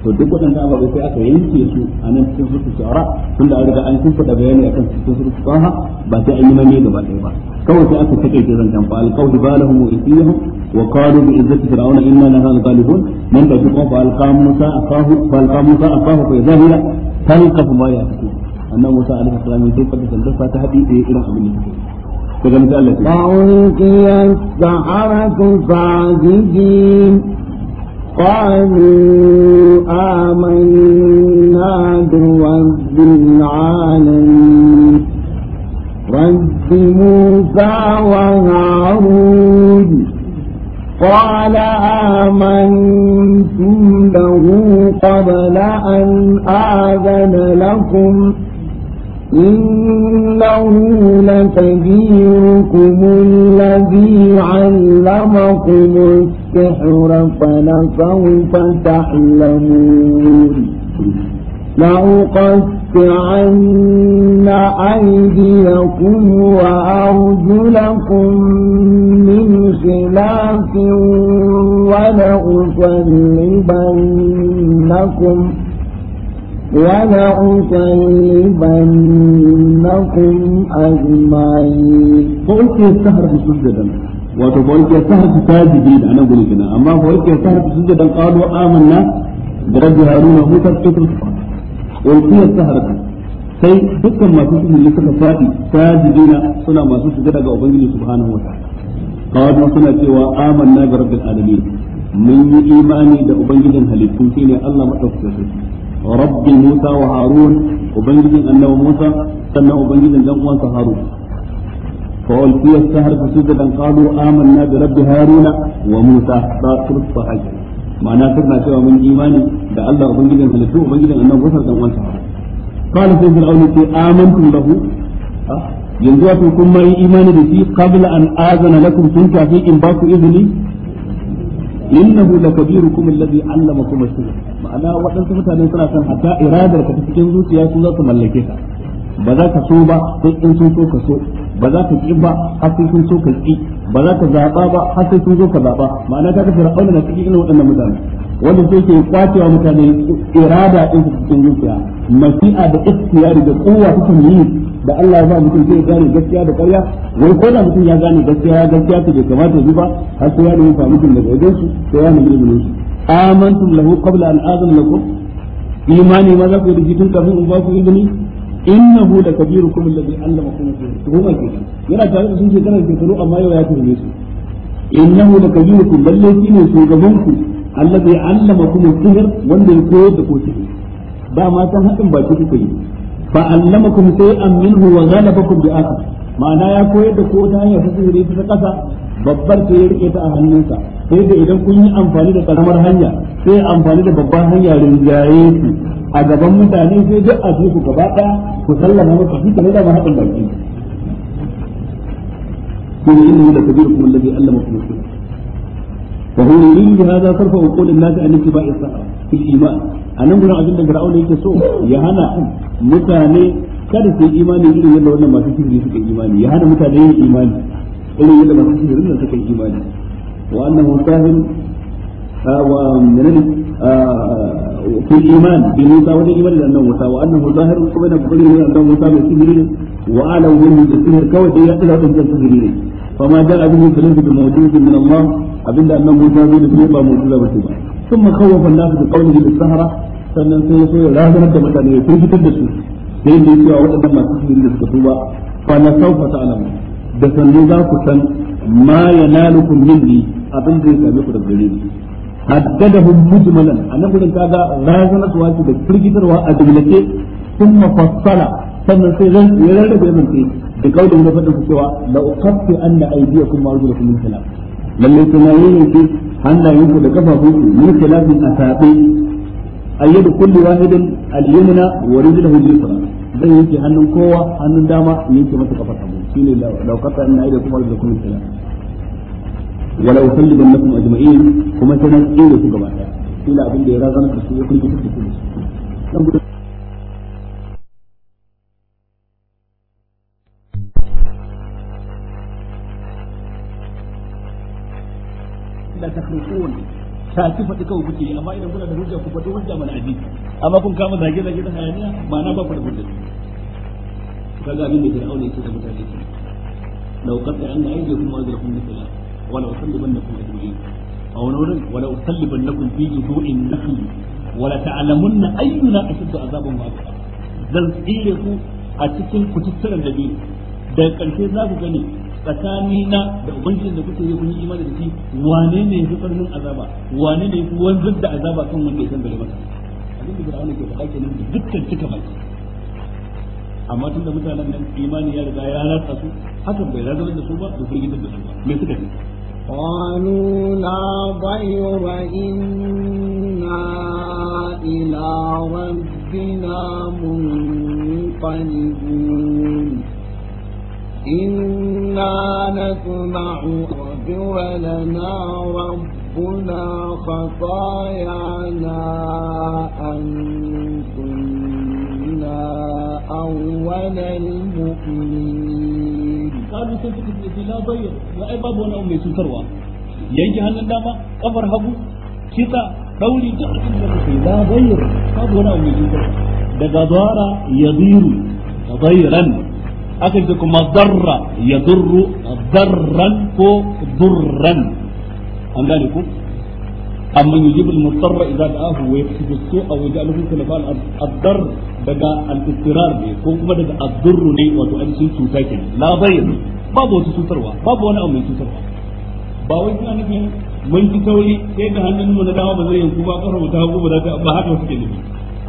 S1: to duk aka ababai sai aka yanke su a nan cikin su shara tun da an riga an da bayani akan cikin su shara ba sai an yi gaba ɗaya ba kawai sai aka take jiran dan fa alqawli balahum wa ithihum wa qalu bi izzati fir'auna inna la ghalibun man da kuma fa alqa musa fa fa zahira talqaf ma irin
S2: abin قالوا آمنا برب العالمين رب موسى وهارون قال آمنتم له قبل أن آذن لكم إنه لكبيركم الذي علمكم السحر فلسوف تعلمون لأقطعن أيديكم وأرجلكم من خلاف ولأصلبنكم ولأصيبنكم
S1: أجمعين فألقي سهر سجدا wato su ta da amma dan amanna sai dukkan masu sujudi suka fadi ta jibiri suna masu sujada ga ubangiji subhanahu wa ta'ala qalu suna cewa amanna bi rabbil alamin mun yi imani da ubangijin halittu ne Allah madaukakin rabbi Musa wa Harun ubangijin annabi Musa sannan ubangijin dan uwansa Harun fa ulqiya sahar fa sujudan qalu amanna bi rabbi Haruna wa Musa ta turfa haji ma'ana suna cewa mun imani da Allah ubangijin halittu ubangijin annabi قال في فرعون آمنت له yanzu wato kun ma yi imani da shi qabla an azana lakum tun in ba ku izini innahu lakabirukum alladhi allamakum as-sirr ma'ana waɗansu mutane suna san hatta iradar ka cikin zuciya su za su mallake ka ba za ka so ba sai in sun so so ba za ka ki ba sai sun so ka ba za ka ba sai sun ma'ana fir'auna na waɗannan mutane wanda sai ke kwacewa mutane irada din cikin zuciya masi'a da ikhtiyari da kowa cikin yi da Allah ya ba mutum zai gane gaskiya da ƙarya wai ko da mutum ya gane gaskiya ya gaskiya ta bai kamata ya ba har sai ya nemi mutum daga wajen su sai ya nemi ilimin su amantum lahu qabla an azan lakum imani ma za ku yi tun kafin in ba ku izini innahu la kabirukum alladhi allamakum tuhuma ke yana tare da sun ce kana shekaru amma yau ya tuhume su innahu la kabirukum lalle allah shugabanku allama kuma sihr wanda ya koyar da ku sihr ba ma san haɗin ba ki kuka yi fa allamakum shay'an minhu wa ghalabakum bi akhar ma'ana ya koyar da ko ta hanyar ta sihiri ta kasa babbar ta ya rike ta a hannunsa sai da idan kun yi amfani da karamar hanya sai amfani da babban hanya da rinjaye ku a gaban mutane sai duk a ku gaba daya ku sallama maka shi ne da ma haɗin baki kun yi ne da kuma kabirukum allazi allamakum shay'an fa za yuridu hadha sarfa uqul an-nas an ittiba'i as-sahara fil iman anan gurin abin da fir'auna yake so ya hana mutane kada su yi imani irin yadda wannan masu suka yi imani ya hana mutane yin imani irin yadda masu nan suka yi imani wa annahu sahil wa minani في الايمان بموسى والايمان لانه موسى وانه ظاهر قبل بقوله لانه موسى بالسجن واعلم منه بالسجن كوجه يقتل في السجن فما جاء به ثم خوف الناس بقوله بالسهرة sannan sai ya so ya razanar da mutane ya firgitar da su da yadda ya cewa waɗannan masu sihiri da suka tuba fa na saufa ta'lamu da sannu za ku san ma yanalukum minni abin da ya sami ku daga gare ni haddadahum mujmalan anan gurin kaga razanatuwa ce da firgitarwa a dubbake thumma fassala sannan sai ran ya rarrabe mun ce da kaudin da fadin cewa la uqatti anna aydiyakum ma'rudulakum min khilaf lalle kuma yayin hannayenku da kafafunku min khilafin asabi ayyadu kulli wahidin al-yumna wa rijluhu al-yusra zai yanke hannun kowa hannun dama yanke masa kafar hagu shine da kasa ina aida kuma da kuma kila wala usallibu lakum ajma'in kuma sai nan tsire ku gaba daya shine abin da ya razana da su ya kulli ku da su la ta ci faɗi kawai kuke amma idan kuna da hujja ku faɗi hujja mana aji amma kun kama zage zage da hayaniya ba ku da hujja abin da da mutane ke fi ayyuna ashaddu azaban wa zan tsire ku a cikin kututturan da biyu daga karshe za ku gani na da ubangijin da kuke yi kun yi imani da shi wane ne fi farnin azaba wane ne fi wanzar da azaba kan wanda ya san bare masa abin da Fir'auna ke faɗa kenan da dukkan cika baki amma tunda mutanen nan imani ya riga ya rasa su hakan bai rasa da su ba da firgitar da su ba me suka ce قالوا
S2: لا ضير إنا إلى ربنا منقلبون كنا نسمع غفر لنا ربنا خطايانا أن كنا أول المؤمنين
S1: قالوا سنتك في لا ضير وأي باب وانا أمي سنتروا ينجي هل ندامة قبر هبو كتا دولي تحكي لا ضير باب وانا أمي سنتروا daga zara ya ziru ghayran aka ce kuma zarra ya durru zarran ko durran an gane ku amma yujibu al-mustarra idza da'ahu wa yaksibu su'a wa ja'aluhu khulafa al-dar daga al-istirar ne ko kuma daga ad ne wato an sun cuta ke la bayyana babu wata cutarwa babu wani abu mai cutarwa ba wai suna nufin mun ji tauri sai da hannun mu na dama ba zai yanku ba kafar mu ta hagu ba haka suke nufi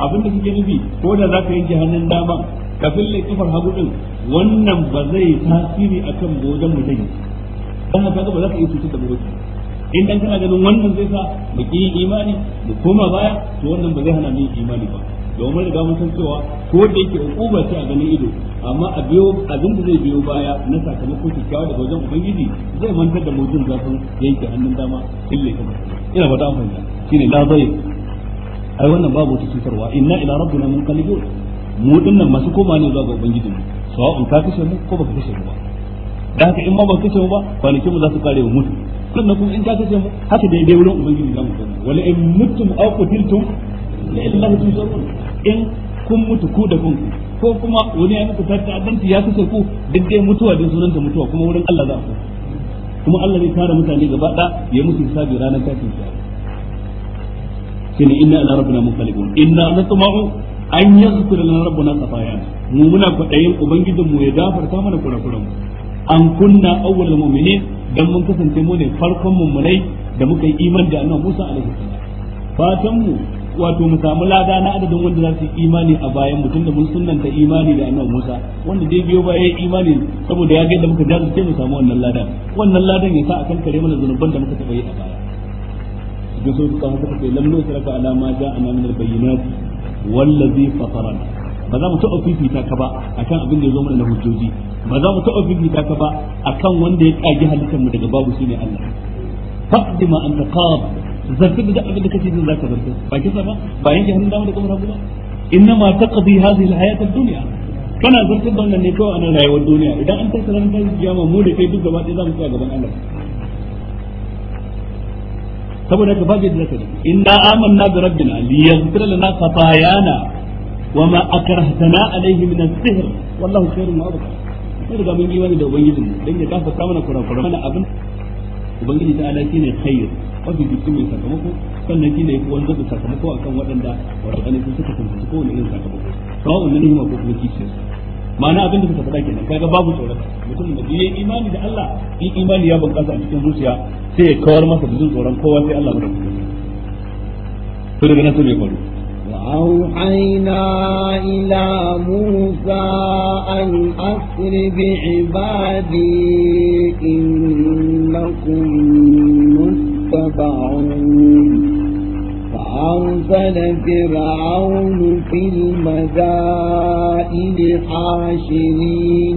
S1: abin da suke nufi ko da za ka yanke hannun dama ka fille kafar hagu din wannan ba zai tasiri akan godan mutum dan haka ba za ka yi cutar da mutum in dan kana ganin wannan zai sa mu ki imani mu koma baya to wannan ba zai hana mu imani ba domin riga mun san cewa ko da yake hukuma ce a ganin ido amma a biyo abin da zai biyo baya na sakamakon kyakkyawa da wajen ubangiji zai mantar da mutum zafin yanke hannun dama ille kuma ina ba ta fahimta shine la zai ai wannan babu ta cutarwa inna ila rabbina munqalibun mu dinnan masu koma ne zuwa ga ubangiji mu sawa'un ka kashe mu ko baka kashe mu ba dan haka in ma ba kashe mu ba kwanakin mu za su kare mu mutu sannan kuma in ka kashe mu haka dai dai wurin ubangiji za mu koma wala in mutum aw qutiltum la illahu tusarrun in kun mutu ku da kun ko kuma wani ya muku tatta abanti ya kashe ku duk dai mutuwa din sunan da mutuwa kuma wurin Allah za ku kuma Allah zai tara mutane gaba da ya musu sabira ranar tashin kiyama shine inna ila rabbina munqalibun inna natma'u an yaghfir lana rabbuna khatayana mu muna kwadayin ubangijin mu ya gafarta mana kurakuran mu an kunna awwal mu'minin dan mun kasance mu ne farkon mu mummunai da muka yi imani da annabi Musa alaihi salam fatan mu wato mu samu lada na adadin wanda za su imani a bayan mutum da mun sunnanta imani da annabi Musa wanda dai biyo baya imani saboda ya ga da muka jajirce mu samu wannan ladan wannan ladan ya sa akan kare mana zanuban da muka taba yi a baya ya so ka kawo kuka ce lam nusraka ala ma ja'ana min al-bayyinat wallazi fatarana ba za mu ta taɓa fifita ka ba akan abin da ya zo mana na hujjoji ba za mu ta taɓa fifita ka ba akan wanda ya kage halittar mu daga babu shine Allah faqdi ma anta qad zarta da abin da kake jin zaka zarta ba kisa ba ba yanke hannun dama da kamar hagu ba innama taqdi hadhihi al-hayat ad-dunya kana zartin da wannan ne kawai ana rayuwar duniya idan an tattara ran kai kiyama mu da kai duk gaba ɗaya za mu tsaya gaban Allah saboda ka babu yadda zaka da inna amanna bi rabbina liyaghfir lana khatayana wa ma akrahtana alayhi min as-sihr wallahu khairun wa abqa sai daga mun yi wani da ubangijin dan ya kafa mana kurakura mana abin ubangiji ta ala shine khair wato duk mai sakamako sannan shine yake wanda da sakamako akan waɗanda wato ainihin suka tuntuɓe ko wani irin sakamako sawa'un nan yi ma ko kuma kishiyarsa ma'ana abin da suka faɗa kenan kaga babu tsoron mutum da biye imani da Allah in imani ya bunƙasa a cikin zuciya sai ya kawar masa da jin tsoron kowa sai Allah mura kuma to daga nan sai ya faru
S2: وأوحينا إلى موسى أن أسر بعبادي إنكم متبعون أرسل فرعون في المدائن حاشرين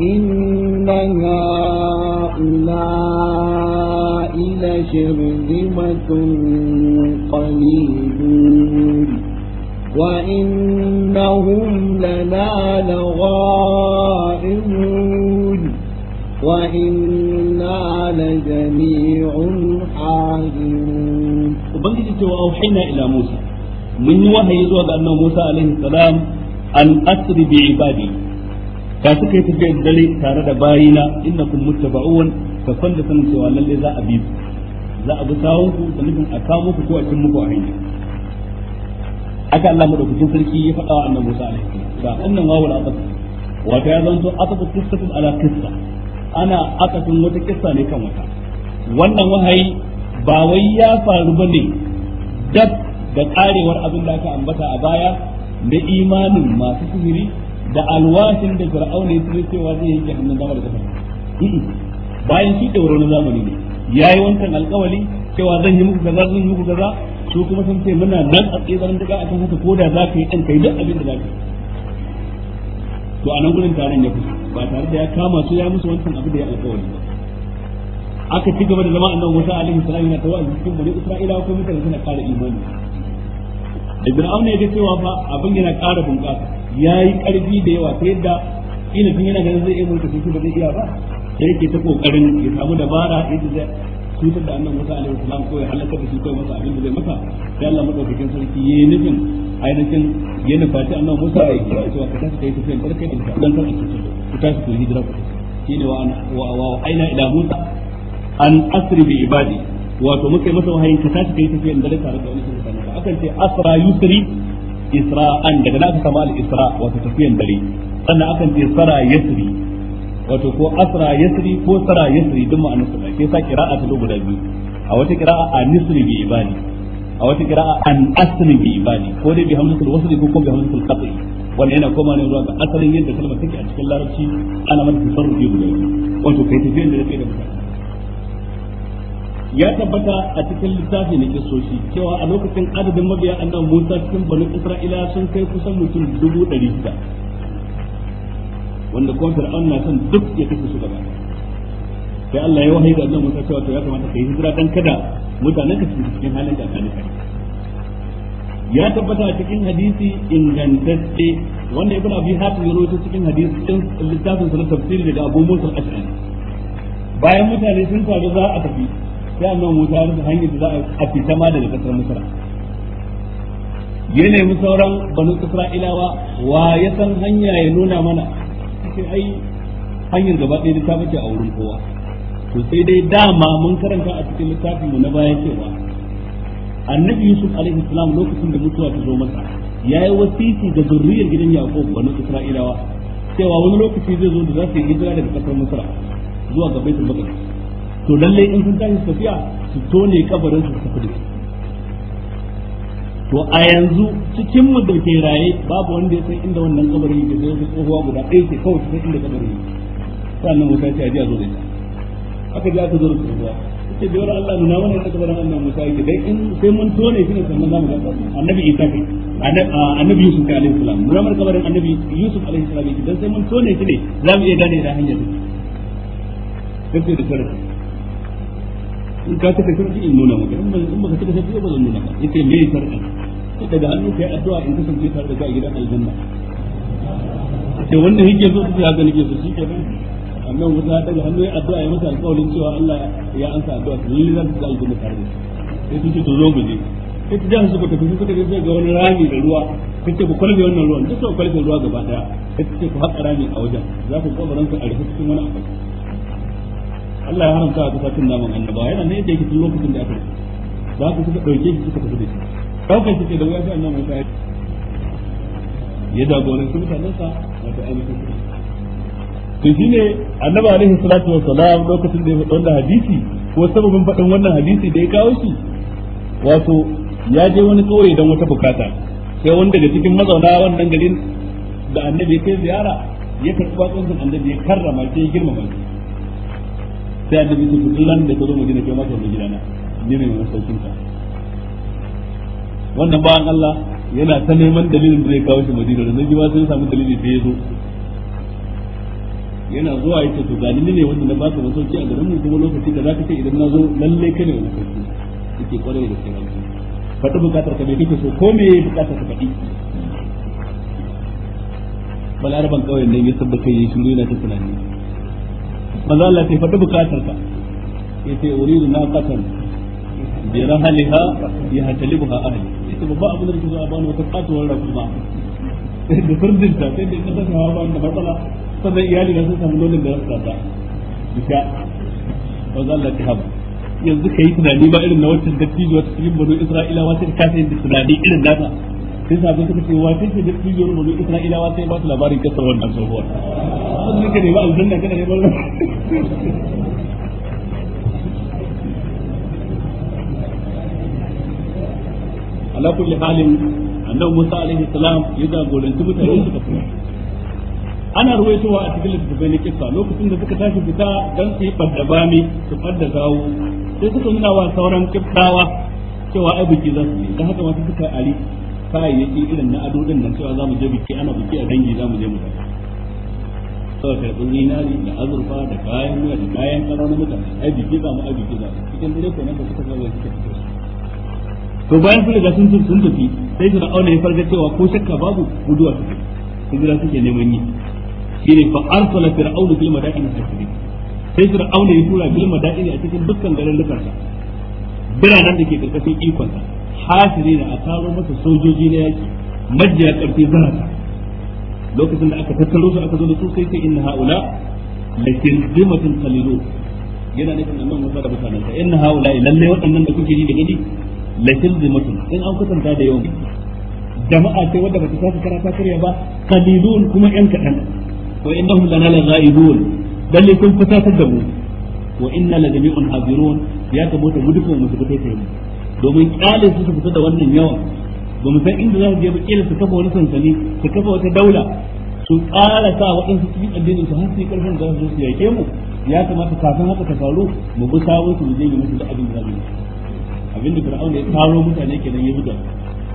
S2: إن هؤلاء لشرذمة قليلون وإنهم لنا لغائبون وإنا لجميع
S1: حاذرون ce ila Musa mun yi wahayi zuwa ga annabi Musa alaihi salam an asri bi ibadi ka suka yi dare tare da bayina innakum muttaba'un ka sanin cewa lalle za a bi za a bi sawun ku da nufin a kawo ku ko a cin muku a hanya aka Allah sarki ya faɗa wa annabi Musa alaihi salam annan wawul zanto ala qissa ana wata kissa ne kan wata wannan wahayi ba wai ya faru bane dab da karewar abin da aka ambata a baya da imanin masu sihiri da alwashin da fir'auna ya tsire cewa zai yanke hannun dama da kafa bayan shi dauro na zamani ne yi wancan alkawali cewa zan yi muku kaza zan yi muku kaza su kuma sun ce muna nan a tsaye daga kan haka ko da za ka yi ɗan kai duk abin da za ka yi to a nan gudun taron ya kusa ba tare da ya kama su ya musu wancan abu da ya alkawali ba aka ci gaba da zama annabi Musa alaihi salam yana tawa cikin bani Isra'ila ko mutane suna ƙara imani ibn Fir'auna ya ga cewa fa abin yana ƙara bunƙasa yayi ƙarfi da yawa ta yadda ina tun yana ganin zai iya mulka shi ba zai iya ba sai yake ta kokarin ya samu dabara yadda zai cutar da annabi Musa alaihi salam ko ya halaka da shi ko masa abin da zai masa sai Allah madaukakin sarki yayi nufin ainihin ya nufaci annabi Musa ya yi cewa ka tafi kai tafiyan karkai da dan kan ku tashi ku hijira ku shine wa wa aina ila Musa an asri bi ibadi wato muka yi masa wahayin ka tashi kai tafiya da tare da wani shirka na akan ce asra yusri isra'an daga nan aka samu al isra wato tafiyan dare sannan akan ce sara yasri wato ko asra yasri ko sara yasri duk ma'anar su ke sa qira'a ta guda biyu a wata qira'a an nisri bi ibadi a wata qira'a an asri bi ibadi ko dai bi hamzatul wasli ko bi hamzatul qat'i wannan yana koma ne zuwa ga asalin yadda kalmar take a cikin larabci ana mata tasarrufi guda biyu wato kai tafiyan da take da mutane ya tabbata a cikin littafi na kisoshi cewa a lokacin adadin mabiya dan Musa cikin banu Isra'ila sun kai kusan mutum dubu ɗari shida wanda kuma Fir'aun na son duk ya kashe su gaba sai Allah ya wahayi da Musa cewa to ya kamata kai hijira dan kada mutanen ka cikin halin da kana ya tabbata a cikin hadisi ingantacce wanda ibn abi hatim ya rawaito cikin hadisi cikin littafin sunan na tafsiri daga Abu Musa al-Ash'ari bayan mutane sun faru za a tafi sai annabi Musa ya rasa hanyar da za a fita ma daga kasar Misra ya nemi sauran banu Isra'ilawa wa ya san hanya ya nuna mana sai ai hanyar gaba ɗaya ta bace a wurin kowa to sai dai dama mun karanta a cikin littafin mu na baya cewa annabi Yusuf alaihi salam lokacin da mutuwa ta zo masa yayi wasiti ga zurriyar gidan Yaqub banu Isra'ilawa cewa wani lokaci zai zo da za su yi hijira daga kasar Misra zuwa ga Baitul Maqdis to lallai in sun tashi tafiya su tone kabarin su tafi da to a yanzu cikin mu da ke raye babu wanda ya san inda wannan kabarin yake da wasu tsohuwa guda ɗaya ke kawai sai inda kabarin yake sannan wata ta ji a zo da ita aka ji aka zo da tsohuwa ita biyar Allah nuna mana inda kabarin Allah Musa yake dai in sai mun tone shi ne sannan zamu ga annabi Isa ke annabi Yusuf kai alaihi salam mun mana kabarin annabi Yusuf alaihi salam yake dan sai mun tone shi ne zamu iya gane da hanyar take da sirri ka cika sarki in nuna maka in baka cika sarki ba zan nuna maka yace me sarki daga hannu kai addu'a in kasance tare da ka a gidan aljanna
S3: ce wanda yake so
S1: su haka nake so shi ke amma mutum ta daga hannu ya addu'a ya masa alƙawarin cewa Allah ya ansa addu'a su lalle su ga aljanna tare da sai sun ce to zo guje sai ta jihar ta tafi suka je ga wani rami da ruwa ta ce ku kwalbe wannan ruwan duk suka kwalbe ruwa gaba daya ta ku haƙa rami a wajen za ku kabarin ku a rufe cikin wani abu Allah ya haramta a kasa cin naman annabawa yana ne da yake tun lokacin da aka yi da aka suka ɗauke shi suka tafi da shi ɗaukar suke da wasu annabawa ya sa'ayi ya jagoranci mutanensa wato ainihin su to shine annabi alaihi salatu wa salam lokacin da ya faɗa wannan hadisi ko sababin faɗin wannan hadisi da ya kawo shi wato ya je wani kauye don wata bukata sai wani daga cikin mazauna wannan garin da annabi ya kai ziyara ya karɓi bakon annabi ya karrama ya girmama shi sai annabi su duk da ka zo madina kai ne ne mai yana ta yana zuwa ya ce to ga ni ne wanda na baka masauki a garin mu kuma lokaci da zaka ce idan na zo lalle ka ne wani yake kwarai da kai fata bukatar ka mai so ko me bukatar ka fadi balaraban kawai nan ya tabbata shiru yana ta tunani manzo Allah sai faɗi bukatarka yace uridu naqatan
S3: bi rahaliha yahtalibuha
S1: ahli yace babba abin da zuwa bani wata katuwar rakuma da furdin ta sai da ka saka hawa bani da matsala sannan iyali na sun samu lolin da rasa ta bisa manzo Allah ta haba yanzu kai tunani ba irin na wacce dattijo wacce cikin banu Isra'ila sai ka sai tunani irin nata sai sabai suka ce wace ce da cikin yorin isra'ilawa sai ba su labarin kasar wannan tsohuwar sun suka nema aljanna kada ne ala kulli halin Musa alaihi salam ya jagoranci mutane su ana ruwaitowa a cikin littattafai na kissa lokacin da suka tashi fita dan su yi su fadda zawo sai suka nuna wa sauran kiftawa cewa ai biki za su yi haka masu suka ari kayayyaki irin na ado din nan cewa za mu je biki ana biki a dangi za mu je mu da suka karɓi zinari da azurfa da kayan miya da kayan ƙaro na mutane ai biki za mu ai biki za mu cikin dare ko nan da suka zama suka fito to bayan sun riga sun sun tafi sai su auna ya farga cewa ko shakka babu guduwa suke hijira suke neman yi shine fa arsala fir'aun bil madain hasirin sai auna ya tura bil madain a cikin dukkan garin lukarsa biranen da ke karkashin ikonsa hasiri da a taro masa sojoji na yaki majiya karfi zarata lokacin da aka tattaro su aka zo da su sai ce inna haula lakin zimatun qalilu yana nufin annan musa da mutanen sa inna haula lalle waɗannan da kuke ji da gani lakin zimatun in an kusanta da yawan jama'a sai wanda bata tafi karata karya ba qalilun kuma yan kadan wa innahum lana lazaibun dalle kun fitatar da mu wa inna la jami'un hadirun ya kamata mu duka mu tabbata mu domin kyale su su fita da wannan yawan ba mu san inda za su je ba kila su kafa wani sansani su kafa wata daula su ƙara sa waɗansu cikin addinin su har su yi ƙarfin da su yake mu ya kamata kafin haka ta faru mu bi sabon su mu je mu musu da abin da zamu abin da fir'auna ya taro mutane kenan ya buga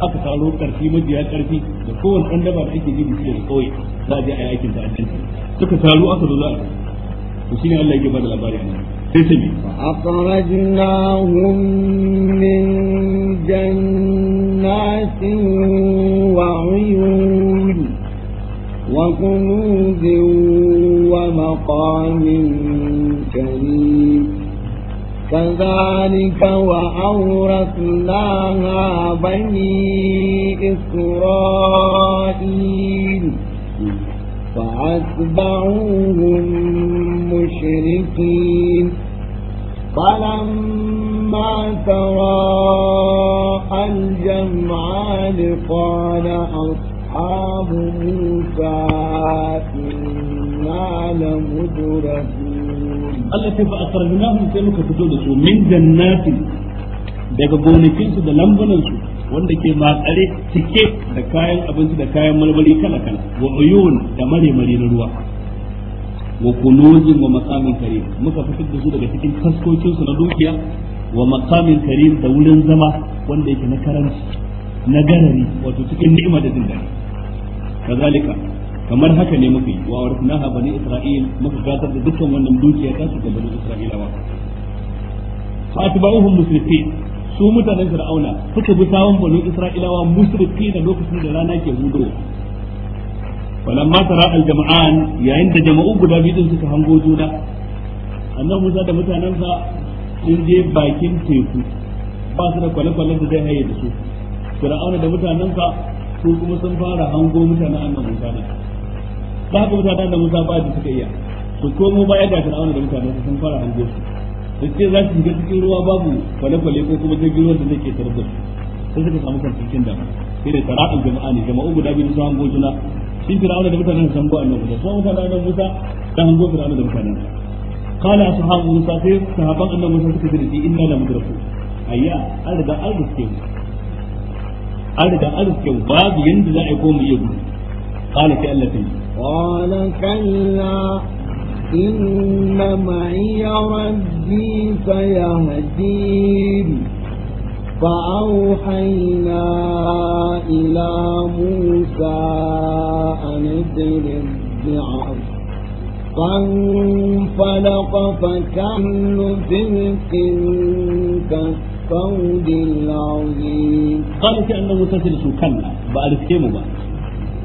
S1: aka taro karfi majiya karfi da kowane ɗan daba da ake jibi da kawai za a je a yi aikin ta'addanci suka taro aka zo za a to shine Allah yake ba da labari a nan تسمي
S2: فأخرجناهم من جنات وعيون وكنوز ومقام كريم كذلك وأورثناها بني إسرائيل فأتبعوهم مشركين فلما تراءى الجمعان قال أصحاب موسى إنا
S1: لمدركون التي فأخرجناهم كانوا كتبوا من جنات daga gonakinsu da lambunansu wanda ke matsare cike da kayan abinci da kayan marmari kala kala wa uyun da mare mare na ruwa wa kunuzin wa maqamin karim muka fitar da su daga cikin kaskokin su na dukiya wa maqamin karim da wurin zama wanda yake na karanci na garari wato cikin ni'ima da jin kazalika kamar haka ne muka yi wa warfinaha bani isra'il muka gatar da dukkan wannan dukiya ta su ga bani isra'ilawa fa atba'uhum musrifin su mutanen fir'auna suka bi sawon bano isra'ilawa musriki da lokacin da rana ke hudu walamma tara aljama'an yayin da jama'u guda biyu suka hango juna annabi Musa da mutanensa sun je bakin teku ba su da kwale-kwale da zai haye da su fir'auna da mutanensa su kuma sun fara hango mutanen annabi Musa ne da haka mutanen da Musa ba da suka iya su komo baya da fir'auna da mutanensa sun fara hango su da ce za su shiga cikin ruwa babu kwale-kwale ko kuma jirgin ruwan da zai ke tarar da su sai suka samu kan cikin dama sai da tara'in jama'a ne jama'u guda biyu sun hango juna shi fir'auna da mutanen san ba nan da sun mutanen annabi Musa sun hango fir'auna da mutanen su hango Musa sai sahaban annabi Musa suka ce da inna da mudraku ayya an riga an riske mu an riga an riske mu babu yanda za a yi komai ya gudu kala sai
S2: Allah ta yi kalla إن معي ربي سيهدين فأوحينا إلى موسى أن اضرب بعرض فانفلق فكان فرق
S1: كالصود العظيم قال كأنه موسى كلا بأرسكيمه بقى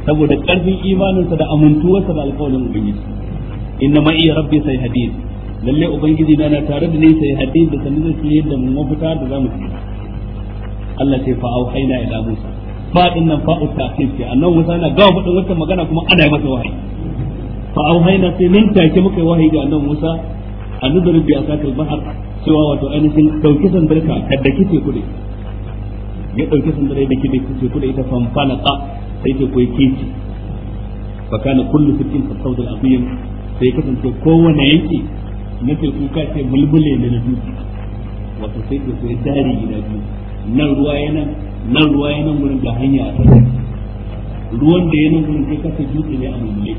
S1: saboda karfin imaninsa da amintuwarsa da alƙawarin ubangiji inna ma iya rabbi sai hadin lalle ubangiji na na tare da ni sai hadin da sanin zai yi da mafita da zamu ci Allah sai fa au haina ila Musa fa din nan fa utaqin ce annabi Musa na gawa fadin wannan magana kuma ana yi masa wahayi fa au haina sai nan take muka yi wahayi ga annabi Musa annabi bi asakal bahar cewa wato ainihin dauki sandarka kadda kike kudi ya dauki sandare da kike kike kudi ita fanfalaka sai ta koyi kici fa kana kullu fitin fasawdul aqiyam sai kasance kowane yanki na teku ka ce mulmule ne na dutse wato sai ke so ya dare gida biyu nan ruwa ya nan nan ruwa ya nan gurin hanya a tsaka ruwan da ya nan gurin sai kasa dutse ne a mulmule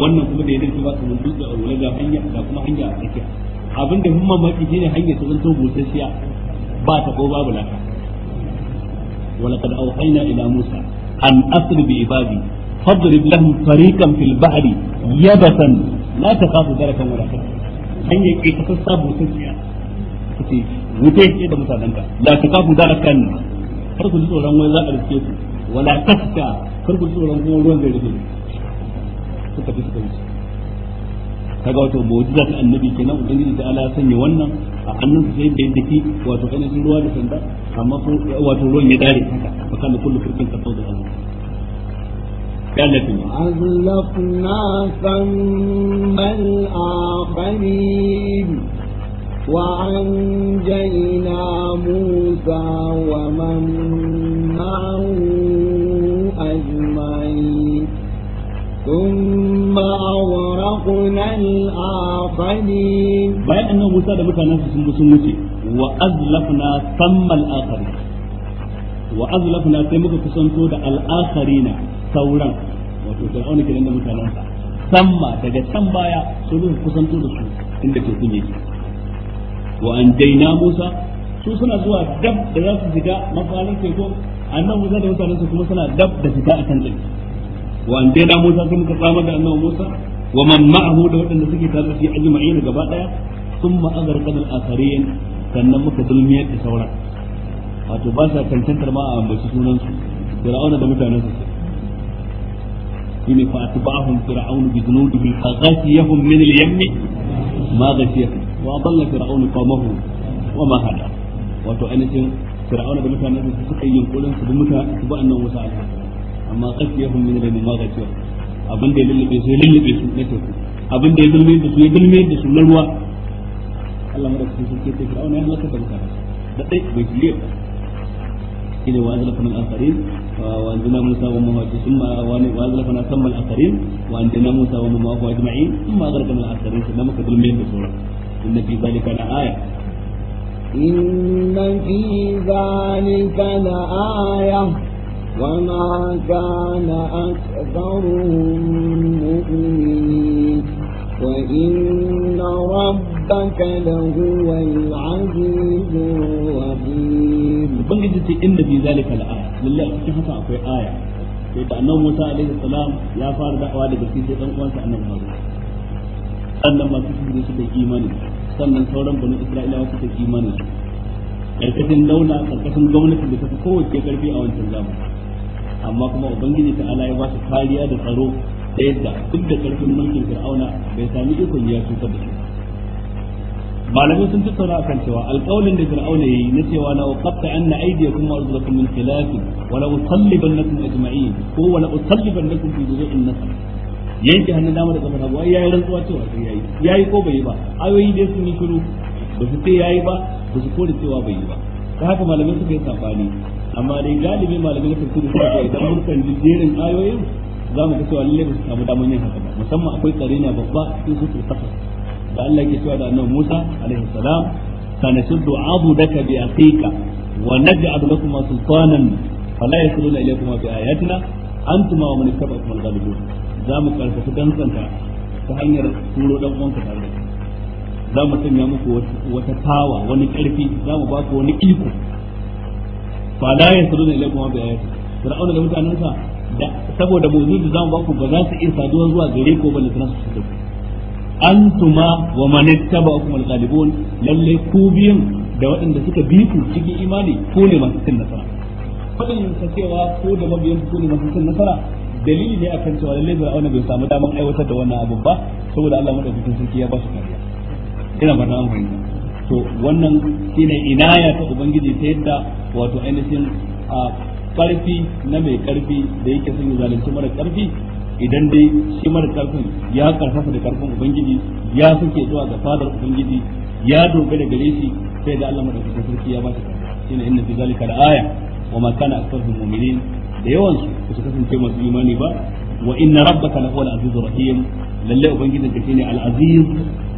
S1: wannan kuma da ya dace ba kamar dutse a wuri ga hanya ga kuma hanya a tsakiya abin da mun mamaki shine hanyar ta zanto busasshiya ba ta ko babu laka ولقد أوحينا إلى موسى أن أسر بعبادي فاضرب لهم طريقا في البحر يبسا la ta kafu darakan wala ta hanyar ke ta sassa butun siya kace لا ke da mutanenka la ta kafu darakan har ولا ji tsoron wani za a riske ku wala kaga wato mu'jizat annabi kenan ubangiji da ala sanya wannan a hannun sai da yadda ki wato kana ruwa da sanda amma wato ruwan ya dare haka fa kana kullu firkin ka da Allah
S2: وأزلفنا ثم الآخرين وأنجينا موسى ومن معه أجمعين ثم أورقنا
S1: الآخرين بعد أن موسى دمك نفسه سمسي وأزلفنا ثم الآخرين wa azlafna sai muka kusanto da al-akharina sauran wato fir'auna kenan da mutanansa samma daga can baya sun muka kusanto da su inda ke kunye wa an daina Musa su suna zuwa dab da za su shiga mafarin teku annabi Musa da mutanensa kuma suna dab da shiga akan teku wa an daina Musa sai muka samar da annabi Musa wa man ma'ahu da waɗanda suke tare da shi ajma'in gaba daya thumma agharqna al-akharin sannan muka dulmiyar da sauran wato ba sa cancantar ma a ambaci sunansu fir'auna da mutanensu shine fa atba'ahum fir'aunu bi dhunubihi faghashiyahum min al-yamm ma ghashiyahum wa adalla fir'aunu qawmahu wa ma hada wato ainihin fir'auna da mutanensu suka yi yunkurin su bi muta su bi annan musa amma ghashiyahum min al-yamm ma ghashiyahum abin da ya lullube su ya lullube su na teku abin da ya dulme da su ya dulme da su na ruwa Allah madaukakin sarki ya ce fir'auna ya halaka da mutane da dai bai shirye ba shine wa azlafana al-akharin wa anzalna musa wa ma'a thumma wa azlafana thamma al-akharin wa anzalna musa wa ma'a ajma'in thumma aghraqna al-akharin sannan muka dulmin da sauran inna fi zalika la aya
S2: إن في ذلك wa وما كان أكثرهم مؤمنين وإن
S1: ربك لهو العزيز الرحيم ubangiji ce inda bi zalika la'aya lalle a cikin haka akwai aya sai da annabi Musa alaihi salam ya fara da'awa daga cikin sai dan uwansa annabi Musa ma masu ne su da imani sannan sauran bani Isra'ilawa da imani karkashin launa karkashin gwamnati da ta fi kowace karfi a wancan zamani amma kuma ubangiji ta ala ya ba su kariya da tsaro da yadda duk da karfin mulkin fir'auna bai sami ikon ya cutar da shi malamai sun tattauna akan cewa alƙawalin da fir'auna yayi na cewa la uqatta anna aydiyakum wa arjulakum min khilaf wa la usallibannakum ajma'in ko wa la usallibannakum fi na nasr yanke hannun dama da kafar hagu ai yayi rantsuwa cewa sai yayi yayi ko bai yi ba ayoyi dai sun yi shiru ba su ya yayi ba ba su kore cewa bai yi ba ta haka malamai suka yi sabani amma dai galibi malamai na tafsiri suka ce idan mun kan ji jerin ayoyin za mu ga cewa lallai ba su samu damar yin haka ba musamman akwai tsari na babba sun su tafasa. da Allah ke cewa da annabi Musa alaihi salam sanasuddu abudaka bi aqiqa wa naj'alu lakum sultanan fala yasluna ilaykum bi ayatina antuma wa man ittaba'akum al-ghalibun za mu karfafa dantsanka ta hanyar turo dan uwanka tare da za mu sanya muku wata tawa wani karfi za mu ba ku wani iko fala yasluna ilaykum bi ayatina fir'auna da mutanansa saboda mu'min da za mu ba ku ba za su iya saduwa zuwa gare ko balle su tafi. antuma ومن اتبعكم الغالبون للي كوبين دواء ku biyun بيكو waɗanda إيماني imani فلن ne masu cin بيكو النصرة دليل dalili ne أي cewa وانا أبو با bai samu مدى aiwatar da باشا كاريا ba مرنا Allah madaukakin wannan shine inaya ta ubangiji ta yadda wato ainihin a karfi na mai karfi da yake son yi zalunci mara karfi idan dai shi mara karfin ya karfafa da karfin ubangiji ya suke zuwa ga fadar ubangiji ya dogara gare shi sai da Allah madaukakin sarki ya ba shi shine inna fi zalika aya wa ma kana aktharuhum mu'minin da yawan su su kasance masu imani ba wa inna rabbaka la huwal azizur rahim lalle ubangiji ka shine al aziz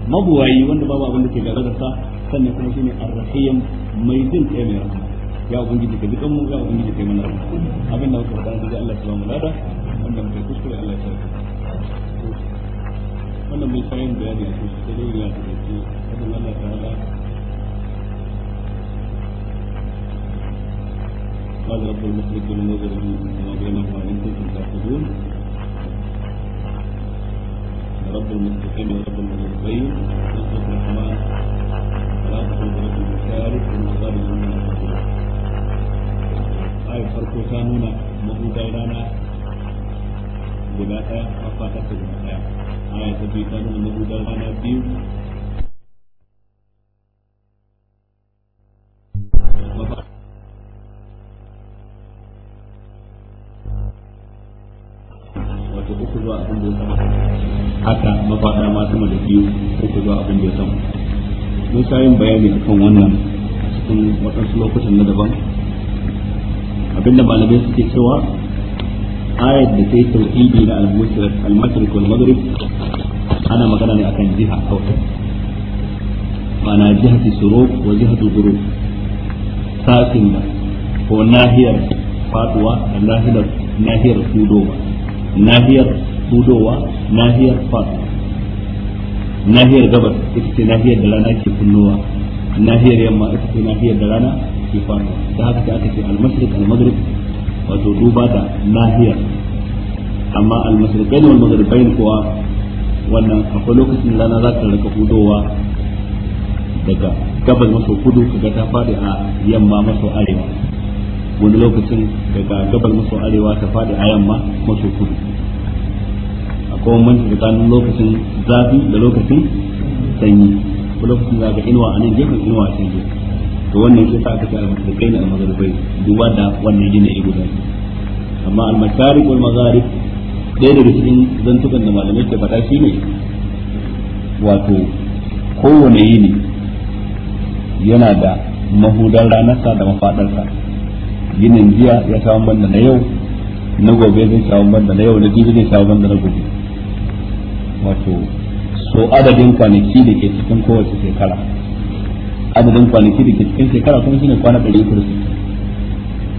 S1: mabuwayi wanda babu abin da ke gare da sa sannan kuma shine ar rahim mai jin kai mai rahama ya ubangiji ka dukan mu ya ubangiji kai mana rahama abin da muka faɗa da Allah subhanahu wa ta'ala wanda muke kuskure Allah ya wannan mun sayin bayani a cikin sai dai ya tafi kada Allah ta'ala قال رب المشرك والمغرب وما بينهما ان كنتم تعقلون رب المستقيم ورب المغربين نصرة الرحمن فلا تقل رب المشارك والمغرب من آية فرقو ta nuna mahudan rana guda ɗaya kafa ta guda ɗaya ta rana biyu wato uku zuwa abin da ya sama haka mafaɗa ma sama da biyu uku zuwa abin da ya sama mun sa yin bayani akan wannan cikin waɗansu lokutan na daban abinda malamai suke cewa ayat da sai tauhidi na al-mushrik al-mashriq wal maghrib ana magana ne akan jiha kawai ma'ana jihati shuruq wa jihati ghurub sakin da ko nahiyar faduwa nahiyar nahiyar tudowa nahiyar tudowa nahiyar faduwa nahiyar gabas ita ce nahiyar da rana ke kunnowa nahiyar yamma ita ce nahiyar da rana ke faduwa da haka aka ce al-mashriq al-maghrib wato duba da nahiya amma al-masriqain wal maghribain kuwa wannan akwai lokacin rana za ka rika hudowa daga gabas maso kudu kaga ta fadi a yamma maso arewa wani lokacin daga gabas maso arewa ta fadi a yamma maso kudu akwai wani tsakanin lokacin zafi da lokacin sanyi ko lokacin zaga inuwa a nan gefen inuwa a can to wannan shi sa aka ce al-mashriqai da al mazharibai duba da wannan gina ido guda amma al-mashariq wal magharib ɗaya daga cikin zantukan da malamai ke faɗa shine wato kowane yini yana da mahudan ranarsa da mafaɗarsa yinin jiya ya sha banda na yau na gobe zai sha banda na yau na jibi zai sha banda na gobe wato so adadin kwanaki da ke cikin kowace shekara adadin kwanaki da ke cikin shekara kuma shine kwana 360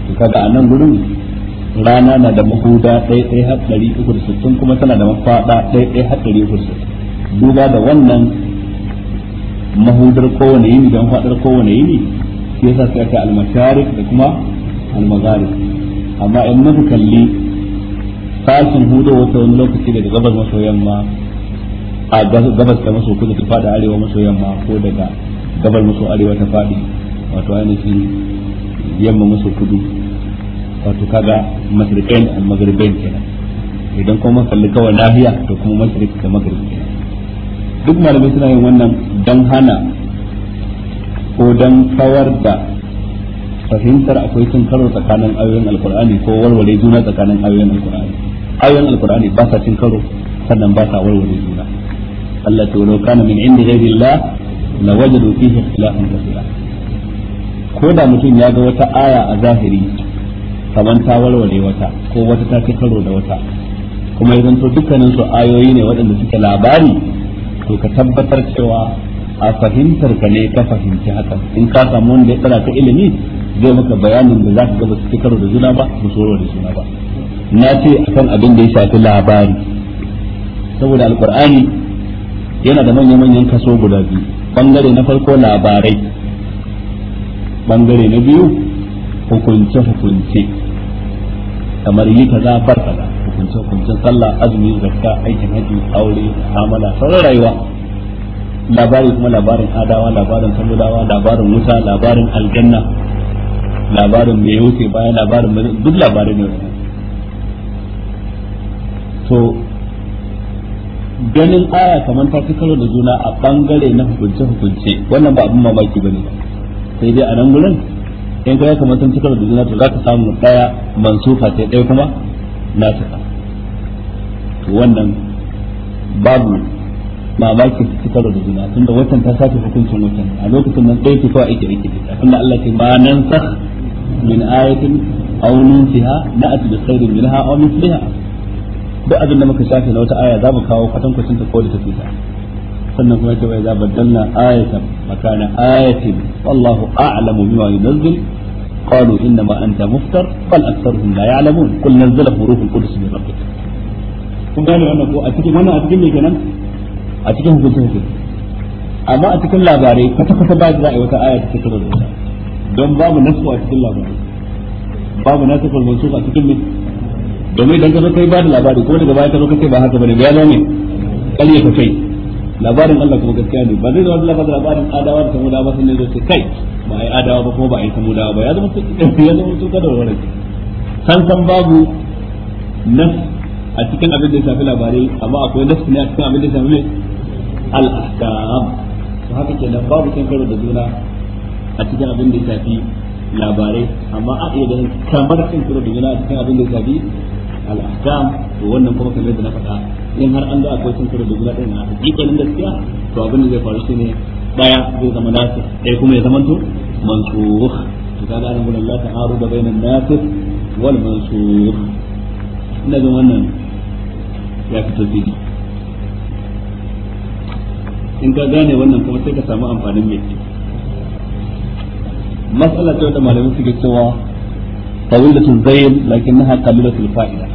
S1: to kaga a nan gurin rana na da mahuda ɗaya ɗaya har ɗari uku da sittin kuma tana da mafaɗa ɗaya ɗaya har ɗari uku da sittin duba da wannan mahudar kowane yini don faɗar kowane yini shi yasa sai aka almasharik da kuma almagharib amma in muka kalli sashin hudu wata wani lokaci daga gabas maso yamma a gabas da maso kudu ta fada arewa maso yamma ko daga gabar musu arewa ta faɗi wato ainihin yamma musu kudu wato kaga masrikin al maghribain kenan idan kuma kalli kawai nahiya to kuma masrik da maghrib kenan duk malamai suna yin wannan don hana ko don kawar da fahimtar akwai cin karo tsakanin ayoyin alkur'ani ko warware juna tsakanin ayoyin alkur'ani ayoyin alkur'ani ba sa cin karo sannan ba sa warware juna Allah ta wani kana min inda ghairi Allah la wajadu fihi ikhtilafan kathira ko da mutum ya ga wata aya a zahiri kamar ta warware wata ko wata ta ci karo da wata kuma ya zanto dukkanin su ayoyi ne waɗanda suke labari to ka tabbatar cewa a fahimtar ka ne ka fahimci haka in ka samu wanda ya tsara ka ilimi zai maka bayanin da za ka gaba su karo da juna ba ba su warware juna ba na ce akan abin da ya shafi labari saboda alkur'ani yana da manya-manyan kaso guda biyu bangare na farko labarai bangare na biyu hukunce hukunce kamar yi ta bar kaza hukunce hukunce sallah azumi zakka aikin haji aure amala sauran rayuwa labari kuma labarin adawa labarin samudawa labarin wuta labarin aljanna labarin mai wuce bayan labarin duk labarin ne to ganin aya kamar ta karo da juna a bangare na hukunce hukunce wannan ba abin mamaki bane sai dai a nan gurin in ga kamar sun karo da juna to za ka samu daya mansufa ta daya kuma na ta to wannan babu mamaki su ci karo da juna tunda watan ta sace hukuncin watan a lokacin nan ɗaya ce kawai ake rike da tunda Allah ke ba nan sa min ayatin aw nunsiha na'at bi khairin minha aw mithliha duk abin da muka shafe na wata aya za mu kawo kwatan kwacin ta ko da ta sannan kuma yake za ayatan makana ayatin wallahu a'lamu bima yunzil kun gane wannan ko a cikin wannan a cikin kenan a cikin amma a cikin labarai ba za a yi wata aya ta cikin don babu nasu a cikin labarai babu nasu a cikin domin idan ka zo kai ba da labari ko daga baya ka zo kai ba haka bane ya zama ƙarya ka kai labarin Allah kuma gaskiya ne ba zai zama Allah ba da labarin adawa da samudawa ba sun zo kai ba ai adawa ba kuma ba ai samudawa ba ya zama su ya zama su kada wannan san san babu nas a cikin abin da ya shafi labarai amma akwai nas ne a cikin abin da ya shafi al-ahkam to haka kenan babu kan karo da juna a cikin abin da ya shafi labarai amma a iya da kamar kan karo da juna a cikin abin da ya shafi al-ahkam to wannan kuma kamar da na faɗa in har an da akwai sun fara da guda ɗaya na hakikanin gaskiya to abin da zai faru shi ne ɗaya zai zama nasu ɗaya kuma ya zama to mansur to ga an gudan ta haru da bainan nasir wal mansur ina ga wannan ya fito fili in ka gane wannan kuma sai ka samu amfanin mai matsala ta wata malamin suke cewa طويلة الزيل لكنها قليلة الفائدة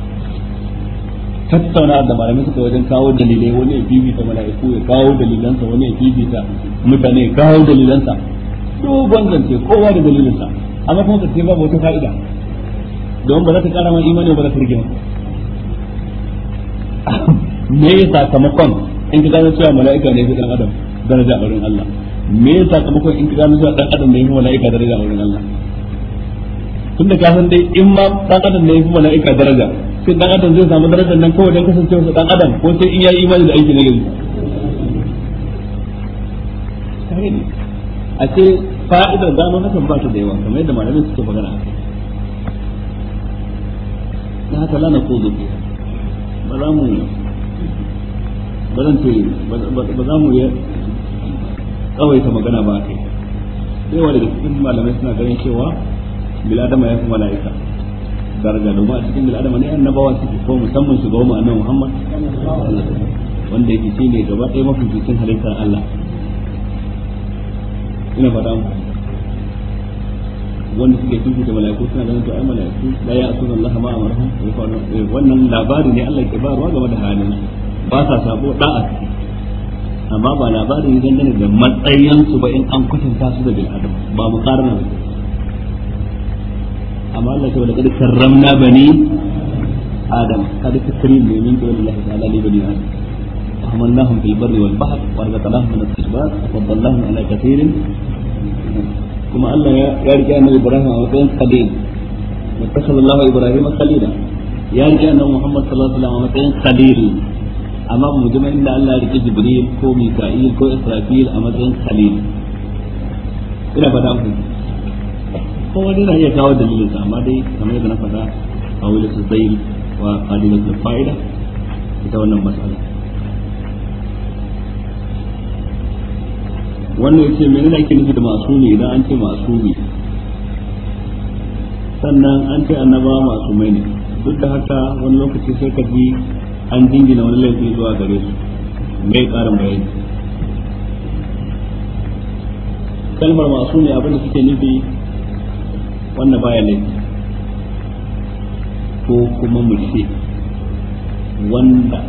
S1: tattauna da malamai suka wajen kawo dalilai wani ya fifita mala'iku ya kawo dalilansa wani ya fifita mutane ya kawo dalilansa dogon zance kowa da dalilinsa amma kuma kace babu wata fa'ida domin ba za ta kara ma imani ba za ta rige maka me ya sakamakon in ka gano cewa mala'ika ne fi dan adam daraja a wurin Allah me ya sakamakon in ka gano cewa dan adam ne fi mala'ika daraja a Allah tunda ka san dai in ma dan adam ne yafi mala'ika daraja sai dan adam zai samu darajar nan kawai dan kasancewa sa dan adam ko sai in yayi imani da aiki na gari a ce fa'idar gano na ba ta da yawa kamar yadda malamai suke magana na haka lana ko zuke ba za mu ba zan ce ba za mu yi tsawaita magana ba kai yawa daga cikin malamai suna ganin cewa biladama ya fi mala'ika daraja domin a cikin biladama ne annabawa suke ko musamman su gawo annabi Muhammad wanda yake shine gaba ɗaya mafi cikin halitta Allah ina faɗa mu wanda suke tuntu da mala'iku suna ganin to ai mala'iku la asuna Allah ma amarhum eh, wannan labari ne Allah ke bayarwa game da halin ba sa sabo da'a amma ba labarin dangane da matsayin su ba in an kwatanta su da bil adam ba mu karna ba أما الله سبحانه لقد كرمنا بني آدم هذا التكريم من قبل الله تعالى لبني آدم وحملناهم في البر والبحر ورزقناهم من الثمرات وفضلناهم على كثير كما قال يا رجاء أن إبراهيم أبوين خليل واتخذ الله إبراهيم خليلا يا رجاء أن محمد صلى الله عليه وسلم أبوين خليل امام مجمع إلا الله رجاء جبريل كو ميكائيل كو إسرائيل أبوين خليل إلى بدأ kowa dai na iya kawo dalilin sa amma dai kamar yadda na faɗa a wuri su zai wa ƙalilin da fa'ida ita wannan matsala wannan ce mai nuna ake nufi da masu ne idan an ce masu ne. sannan an ce annaba masu mai ne duk da haka wani lokaci sai ka ji an jingina wani laifin zuwa gare su mai karin bayani kalmar masu ne abinda suke nufi wannan baya laifi ko kuma mu wanda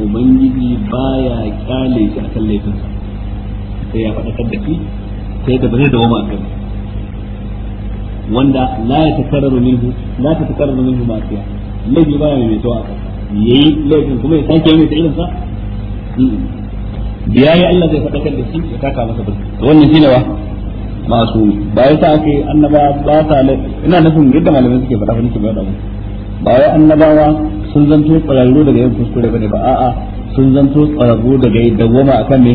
S1: ubangiji baya kyale shi akan laifinsa sai ya faɗa da shi sai da bane da wama a kai wanda la ya takarraru minhu la ta takarraru minhu ma fiya laifi baya mai mai a kai yayi laifin kuma ya sake mai ta irin sa biyayi Allah zai faɗa da shi ya taka masa barka wannan shine wa masu ba yasa ake annaba ba sa ina nufin yadda malamai suke faɗa fa nake ba da ba wai annabawa sun zanto tsararru daga yin kuskure bane ba a'a sun zanto tsararru daga yin dawwama akan ne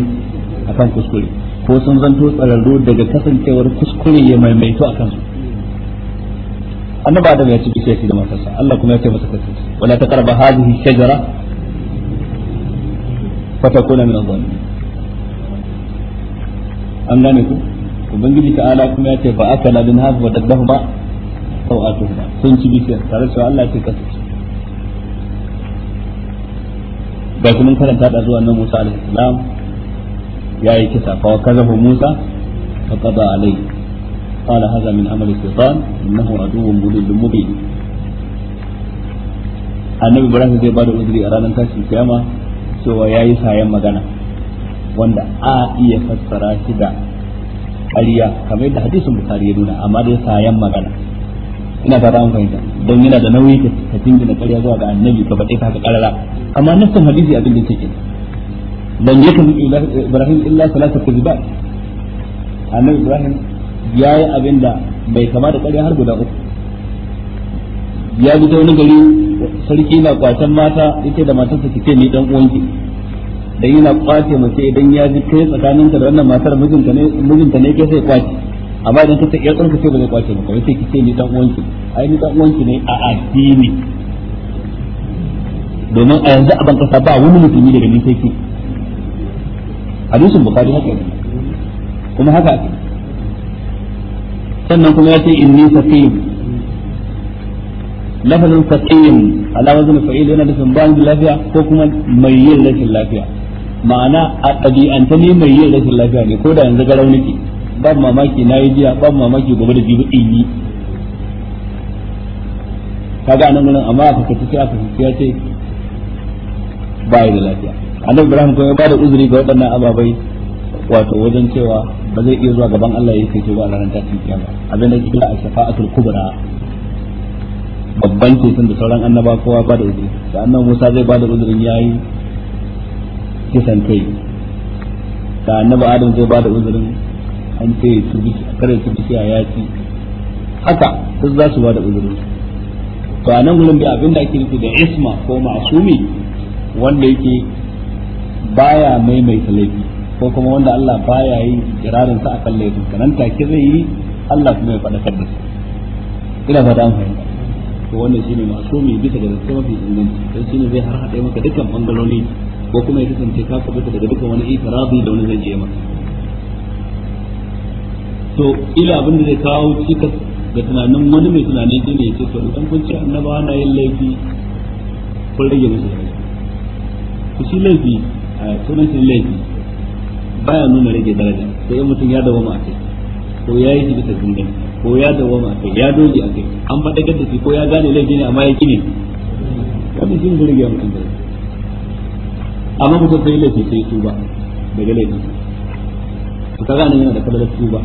S1: akan kuskure ko sun zanto tsararru daga kasancewar kuskure ya maimaito akan su annaba da ya ci shi da matarsa Allah kuma ya ce masa kace wala taqrabu hadhihi shajara fatakuna min adh-dhalimin an gane ku ubangiji ta'ala kuma ya ce ba fa akala min ba wa dabbahuma sawatuhuma sun ci bishiyar tare da Allah ce ya kasu ga kuma karanta da zuwa nan Musa alaihi salam yi kisa kawai kaza kazabu Musa fa qada alaihi haza هذا من عمل الشيطان انه عدو مضل مبين annabi ibrahim zai bada uzuri a ranar tashin kiyama cewa yi sayan magana wanda a iya fassara shi da ƙarya kamar yadda hadisin bukari ya nuna amma dai sayan magana ina fata an fahimta don yana da nauyi ka tingina ƙarya zuwa ga annabi ka faɗi ka ƙarara amma nassan hadisi abin da yake dan yake Ibrahim illa salatu kuzba annabi Ibrahim ya yi abin da bai kama da ƙarya har guda uku ya bi ta wani gari sarki na kwacen mata yake da matarsa kike ni dan uwanki dan yana kwace mace idan ya ji kai tsakaninka da wannan matar mijinta ne mijinta ne kai sai kwace amma idan ta ta yar ɗanka sai ba zai kwace maka sai ki ce ni dan uwanki ai ni dan uwanki ne a addini domin a yanzu a ban kasa ba wani mutumi daga ni sai ki hadisin bukari haka kuma haka sannan kuma ya ce inni saqim lafazin saqim alawazin wazn fa'il yana nufin ba ni lafiya ko kuma mai yin rashin lafiya ma'ana a ɗabi'anta ne mai yin rashin lafiya ne ko da yanzu garau nake ban mamaki na yi jiya ban mamaki gobe da jibi in yi ga nan gurin amma aka kaci sai aka kace ce ba yi da lafiya annabi ibrahim kuma ya ba da uzuri ga waɗannan ababai wato wajen cewa ba zai iya zuwa gaban Allah ya ce ba a ranar tashin kiyama abin da kira a shafa'atul kubra babban ceton da sauran annaba kowa ba da uzuri da annabi Musa zai ba da uzurin yayi kisan kai da annabi adam zai ba da uzurin an ce kare su bisi a ci haka duk za su ba da uzurin to a nan gurin abin da ake nufi da isma ko masumi wanda yake baya maimaita laifi ko kuma wanda Allah baya yi kirarin sa akan laifin kanan take zai yi Allah kuma ya faɗa da ina fata an fahimta to wannan shine masumi bisa ga zance mafi inganci dan shine zai har haɗe maka dukkan bangaloli ko kuma ya kasance ka ta daga duka wani itirabin da wani zai je maka to ila abin da zai kawo cikas ga tunanin wani mai tunani shi ne ya ce to idan kun ce annabawa na yin laifi kun rage musu ku shi laifi a sunan shi laifi baya nuna rage daraja sai mutum ya dawo ma a kai ko ya yi bisa gungan ko ya dawama a kai ya doge a kai an faɗakar da shi ko ya gane laifi ne amma ya kine kamar shi ne rage mutum daraja amma mutum sai laifi sai ba daga laifin su kaga nan yana da su ba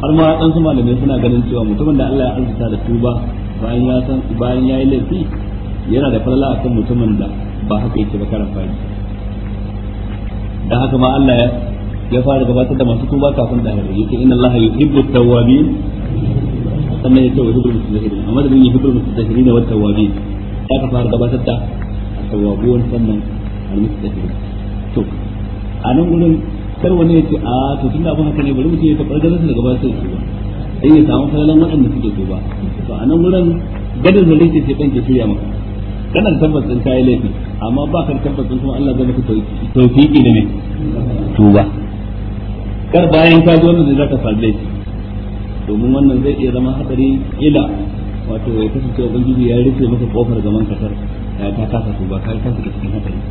S1: har ma ɗan su malamai suna ganin cewa mutumin da Allah ya arzuta da su ba bayan ya san bayan yi laifi yana da falala akan mutumin da ba haka yake ba karan fari dan haka ma Allah ya ya fara gabatar da masu tuba kafin da hari yake inna Allah yuhibbu tawwabin sannan yake wa yuhibbu mutatahirin amma da yuhibbu wata wa tawwabin ka fara gabatar da at-tawwabun sannan al-mustaghfirun to a nan gurin kar wani ya ce a to da abin haka ne bari mutum ya tabbar ganin daga ba sai ba dan ya samu falalan waɗanda suke tuba to a nan gurin gadin zalunci sai kan ke shirya maka kana tabbas din kai laifi amma ba ka tabbas din kuma Allah zai maka tawfiki da ne ba kar bayan ka zo wanda zaka samu laifi domin wannan zai iya zama hadari ila wato ya kasance ubangiji ya rufe maka kofar zaman kasar ka ka kasa su ba ka ka shiga cikin hatsari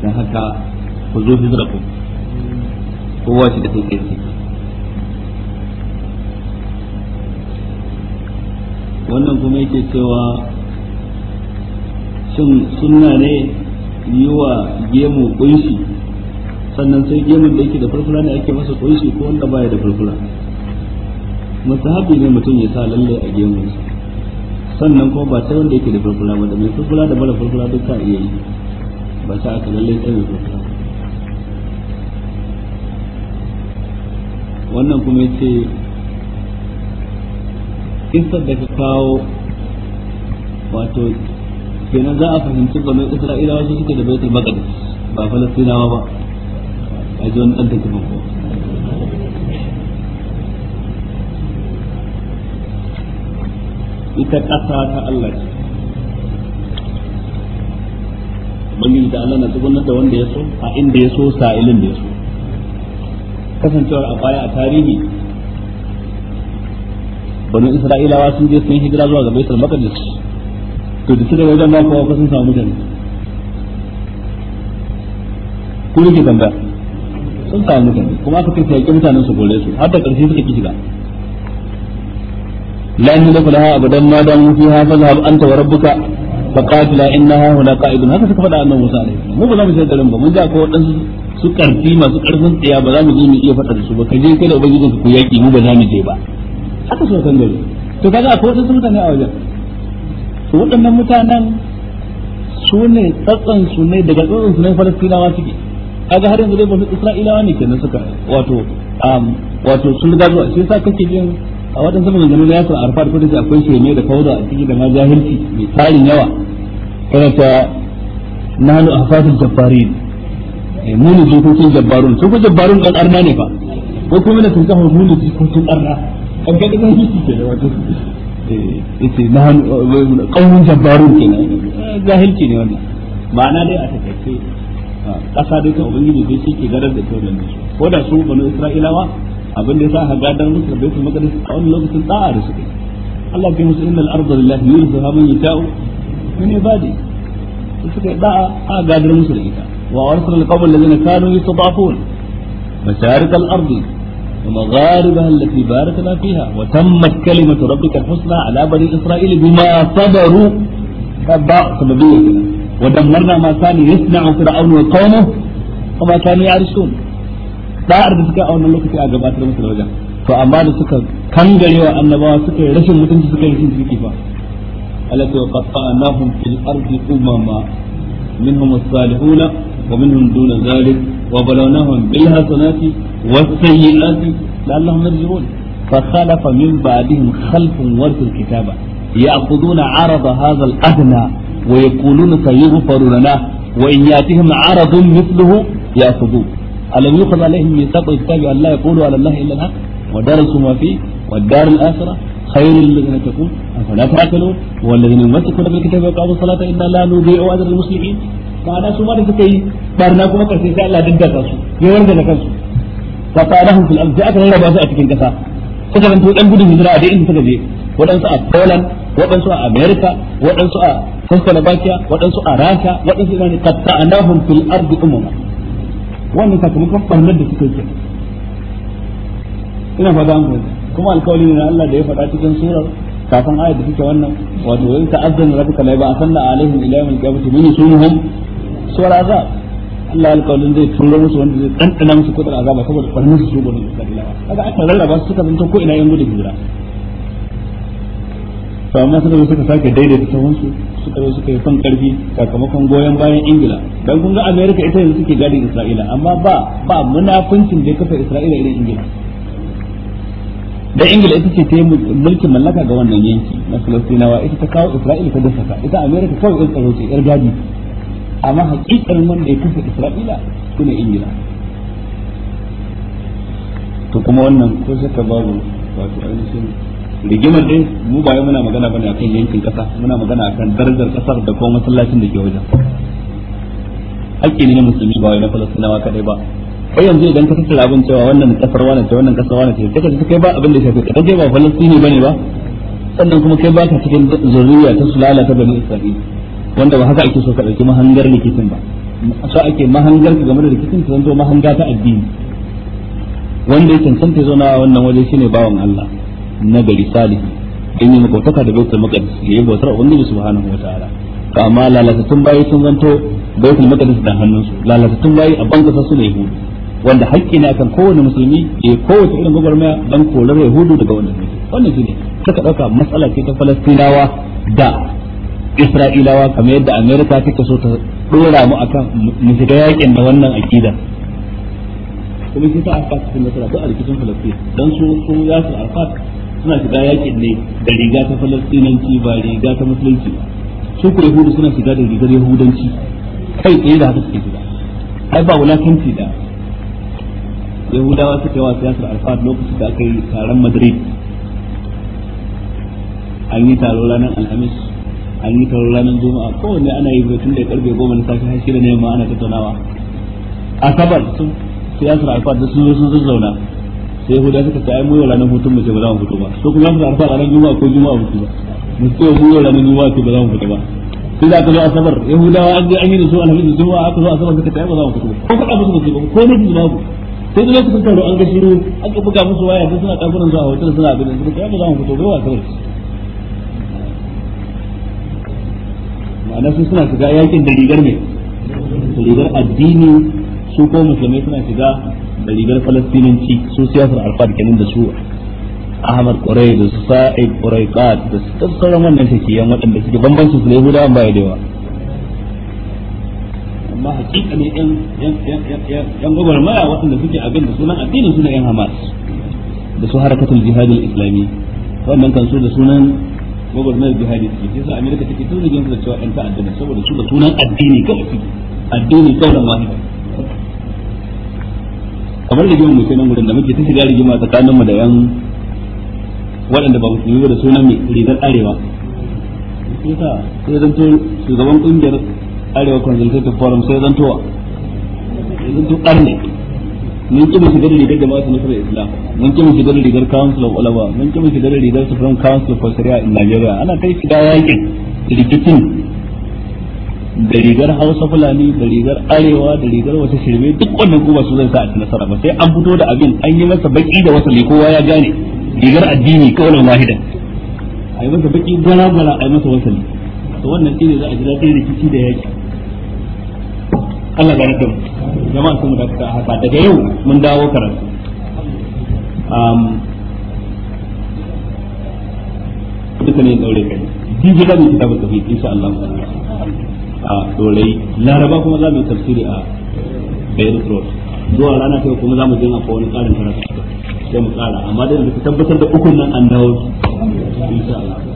S1: dan haka ku zo ku kowa shi da kai kai wannan kuma yake cewa shin sunna ne yi wa gemu kunshi sannan sai gemun da yake da furfura ne ake masa kunshi ko wanda baya da furfura musahabi ne mutum ya sa lalle a gemunsa sannan kuma ba sai wanda yake da furfura ba da mai furfura da mara furfura duk ka iya yi ba sa aka lalle sai mai furfura wannan kuma yace kisar da ka kawo wato kenan za a fahimci ba mai isra'ilawa su suke da baitul maqdis ba falastinawa ba a ji wani ɗan tattafin kuma ita ƙasa ta Allah ce ubangiji da Allah na zubunar da wanda ya so a inda ya so sa'ilin da ya so kasancewar a baya a tarihi bani isra'ilawa sun je sun hijira zuwa ga baitul maqdis to da suka wajen ba kowa sun samu mutane ku ne ke tambaya sun samu mutane kuma aka kai sai mutanen su gore su har da karshe suka ki shiga لا يهلك لها ابدا ما دام فيها فاذهب انت وربك فقاتلا انها هنا قائد هذا suka faɗa موسى Musa السلام مو mu ba za mu shaidarin ba mun ja ko su karfi masu karfin tsaya ba za mu je mu iya faɗa da su ba kaje kai da ubangijin ku yaki mu ba za mu je ba haka so kan gari to kaga mutane a wajen mutanen su ne tsatsan su ne daga tsatsan su ne suke kaga har yanzu dai ba su Isra'ilawa ne kenan suka wato wato sun riga zuwa shi yasa kake jin a waɗansu maganganu ya san arfa ko ce akwai shirme da fauda a ciki da ma jahilci mai tarin yawa kana ta nahnu ahfatul jabbarin eh, mu ne jikokin jabbarun su ko jabbarun dan arna ne fa ko kuma ne tun kafa muni ne jikokin arna an ga dan shi ke da wato eh, yace nanu qaumun jabbarun kenan eh, jahilci ne wannan ma'ana dai a takaice kasa dai ta ubangiji sai ke garar da kyau da su ko da su banu isra'ilawa abin da ya sa ha gadar musu da baitul maqdis a wani lokacin da'a da suke Allah ya musu innal arda lillahi yurizuha man yasha'u min ibadi suka yi da'a a gadar musu da ita wa arsalna alqawma alladhina kanu yastad'afun masarik al-ard ومغاربها التي باركنا فيها وتمت كلمة ربك الحسنى على بني إسرائيل بما wa سببية ma kanu yasna'u يصنع wa qawmuhu وما كانوا يعرشون da'ar da suka a wannan lokaci a gabatar musu da wajen to amma da suka kangarewa annabawa suka yi rashin mutunci suka yi rashin ciki fa alaka wa qatta'nahum fil ardi umama minhum as-salihuna wa minhum duna zalik wa balawnahum bil hasanati was sayyiati la'allahum yarji'un فخلف من بعدهم خلف ورثوا الكتاب يأخذون عرض هذا الأدنى ويقولون سيغفر لنا وإن يأتهم عرض مثله يأخذوه alam yukhaz alaihim mithaq alkitabi an la yaqulu ala allahi illa alhaq wa darasu ma fi wa al خير الذين تكون أفلا تعقلون والذين يمسكون بالكتاب ويقاموا الصلاة إنا لا نضيع أجر المسلمين فأنا سوما لسكي بارنا كما كرسي سأل لا دنجا كرسو يورد لكرسو فقالهم في الأرض أكثر ربا سأتكين كسا suka zanto dan gudun hijira a dai inda suka je waɗansu a Poland waɗansu a America waɗansu a Czechoslovakia waɗansu a Rasha waɗansu a Qatar anahum fil wannan sakamakon barnar da suka yi ina fada an fahimta kuma alkawari ne na Allah da ya faɗa cikin surar kafin ayat da suke wannan wato wani ta'azzan rabbuka la sanna alaihim ilayhim yawmil qiyamati min sunhum suwar azab Allah alkawarin zai turo musu wanda zai dandana musu kudin azaba saboda barnar su su gudun Isra'ilawa kaga aka rarraba su suka zanto ko ina yan gudun hijira to amma suka zo suka sake daidaita sahun su suka zo suka yi son karfi sakamakon goyon bayan ingila don kun ga america ita yanzu suke gadin isra'ila amma ba ba munafuncin da kafa isra'ila irin ingila da ingila ita ce ta yi mulkin mallaka ga wannan yanki na filistinawa ita ta kawo isra'ila ta dasa ka ita america kawai yan tsaro ce yar gadi amma hakikanin wanda ya kafa isra'ila ne ingila to kuma wannan ko saka babu wato ainihin rigimar din mu ba yau muna magana bane akan yankin kasa muna magana akan darajar kasar da kuma masallacin da ke wajen hakki ne na musulmi ba wai na falastinawa kadai ba kai yanzu idan ka tattara abin cewa wannan kasar wani ce wannan kasar wani ce daga ta kai ba abin da shafi ka kai ba falastini bane ba sannan kuma kai ba ka cikin zuriya ta sulala ta bani isra'ila wanda ba haka ake so ka dauki mahangar likitin ba so ake mahangar ka game da likitin ta zanto mahanga ta addini wanda ya cancanta zo na wannan waje shine bawan Allah nagari salihi in yi makautaka da baitul maqdis ya yi bautar ubangiji subhanahu wataala to amma lalatattun bayi sun zanto baitul maqdis da hannunsu lalatattun bayi a banka su ne yahudu wanda haƙƙi ne akan kowane musulmi ya kowace irin gwagwarmaya dan korar yahudu daga wannan ne wannan shine suka dauka matsala ce ta falastinawa da isra'ilawa kamar yadda america take so ta dora mu akan mu shiga yakin da wannan akida kuma shi ta aka cikin nasara da rikicin falastin don su su yasir arfat suna shiga yakin ne da riga ta falastinanci ba riga ta musulunci su ku yahudu suna shiga da rigar yahudanci kai tsaye da haka suke shiga ai ba wulakanci da yahudawa suka yi wa siyasar alfahad lokacin da aka yi taron madrid an yi taro ranar alhamis an yi taro ranar juma'a kowanne ana yi tun da karfe goma na safe har shida ne ma ana tattaunawa asabar sun siyasar alfahad sun zo sun zazzauna sai yahuda suka ta ai mu ranar hutun mace ba za mu fito ba su kuma su arfa ranar juma'a ko juma'a mutu ba mu ce mu yau ranar juma'a ce ba za mu fito ba sai da aka zo asabar yahudawa an je an yi da su alhamdu juma'a aka zo asabar suka ta ba za mu fito ba ko faɗa musu musu ba ko ne su juma'a ku sai da lokacin taro an ga shiru an ka buga musu waya sai suna kafirin zuwa hotel suna abin da suka ba za mu fito ba wa asabar ma'ana su suna shiga yakin da rigar ne rigar addini su ko musulmai suna shiga da rigar falastinanci su siyasar alfad kenan da su ahmad kurai da su sa'id kurai qad da su tsaron wannan yan waɗanda suke bambancin su ne an ba da yawa amma hakika ne yan yan mara waɗanda suke abin da sunan addini suna yan hamas da su harakatul jihadul islami wannan kan su da sunan gwagwarmayar jihadi su ke sa amerika take yanzu da cewa yan ta'adda saboda su da sunan addini kawai addini kawai wahida kamar da mu kenan gurin da muke ta shiga rigima tsakanin mu da yan waɗanda ba musulmi ba da sunan mai rigar arewa yasa sai zanto shugaban kungiyar arewa consultative forum sai zan towa sai to ƙarni mun ƙi mu shiga da rigar jama'atu nasarar islam mun kima mu shiga da rigar council of ulama mun kima mu shiga da rigar supreme council for sharia in nigeria ana kai shiga yakin rikicin da rigar hausa fulani da rigar arewa da rigar wata shirme duk wannan kuma su zai sa a ci nasara ba sai an fito da abin an yi masa baki da wasali kowa ya gane
S2: rigar addini
S1: kawai wahidan a yi masa baki gwala gwala a yi masa wasali to wannan shine za a ji daɗin rikici da yaki Allah gani da jama'a sun da haka daga yau mun dawo karatu duka ne daure kai jibi da mu kitabul tauhid insha Allah a dorai laraba kuma za mu yi tafsiri a bayan road zuwa rana ta kuma za mu je a wani karin karatu sai mu tsara amma dai da tabbatar da ukun nan an dawo insha Allah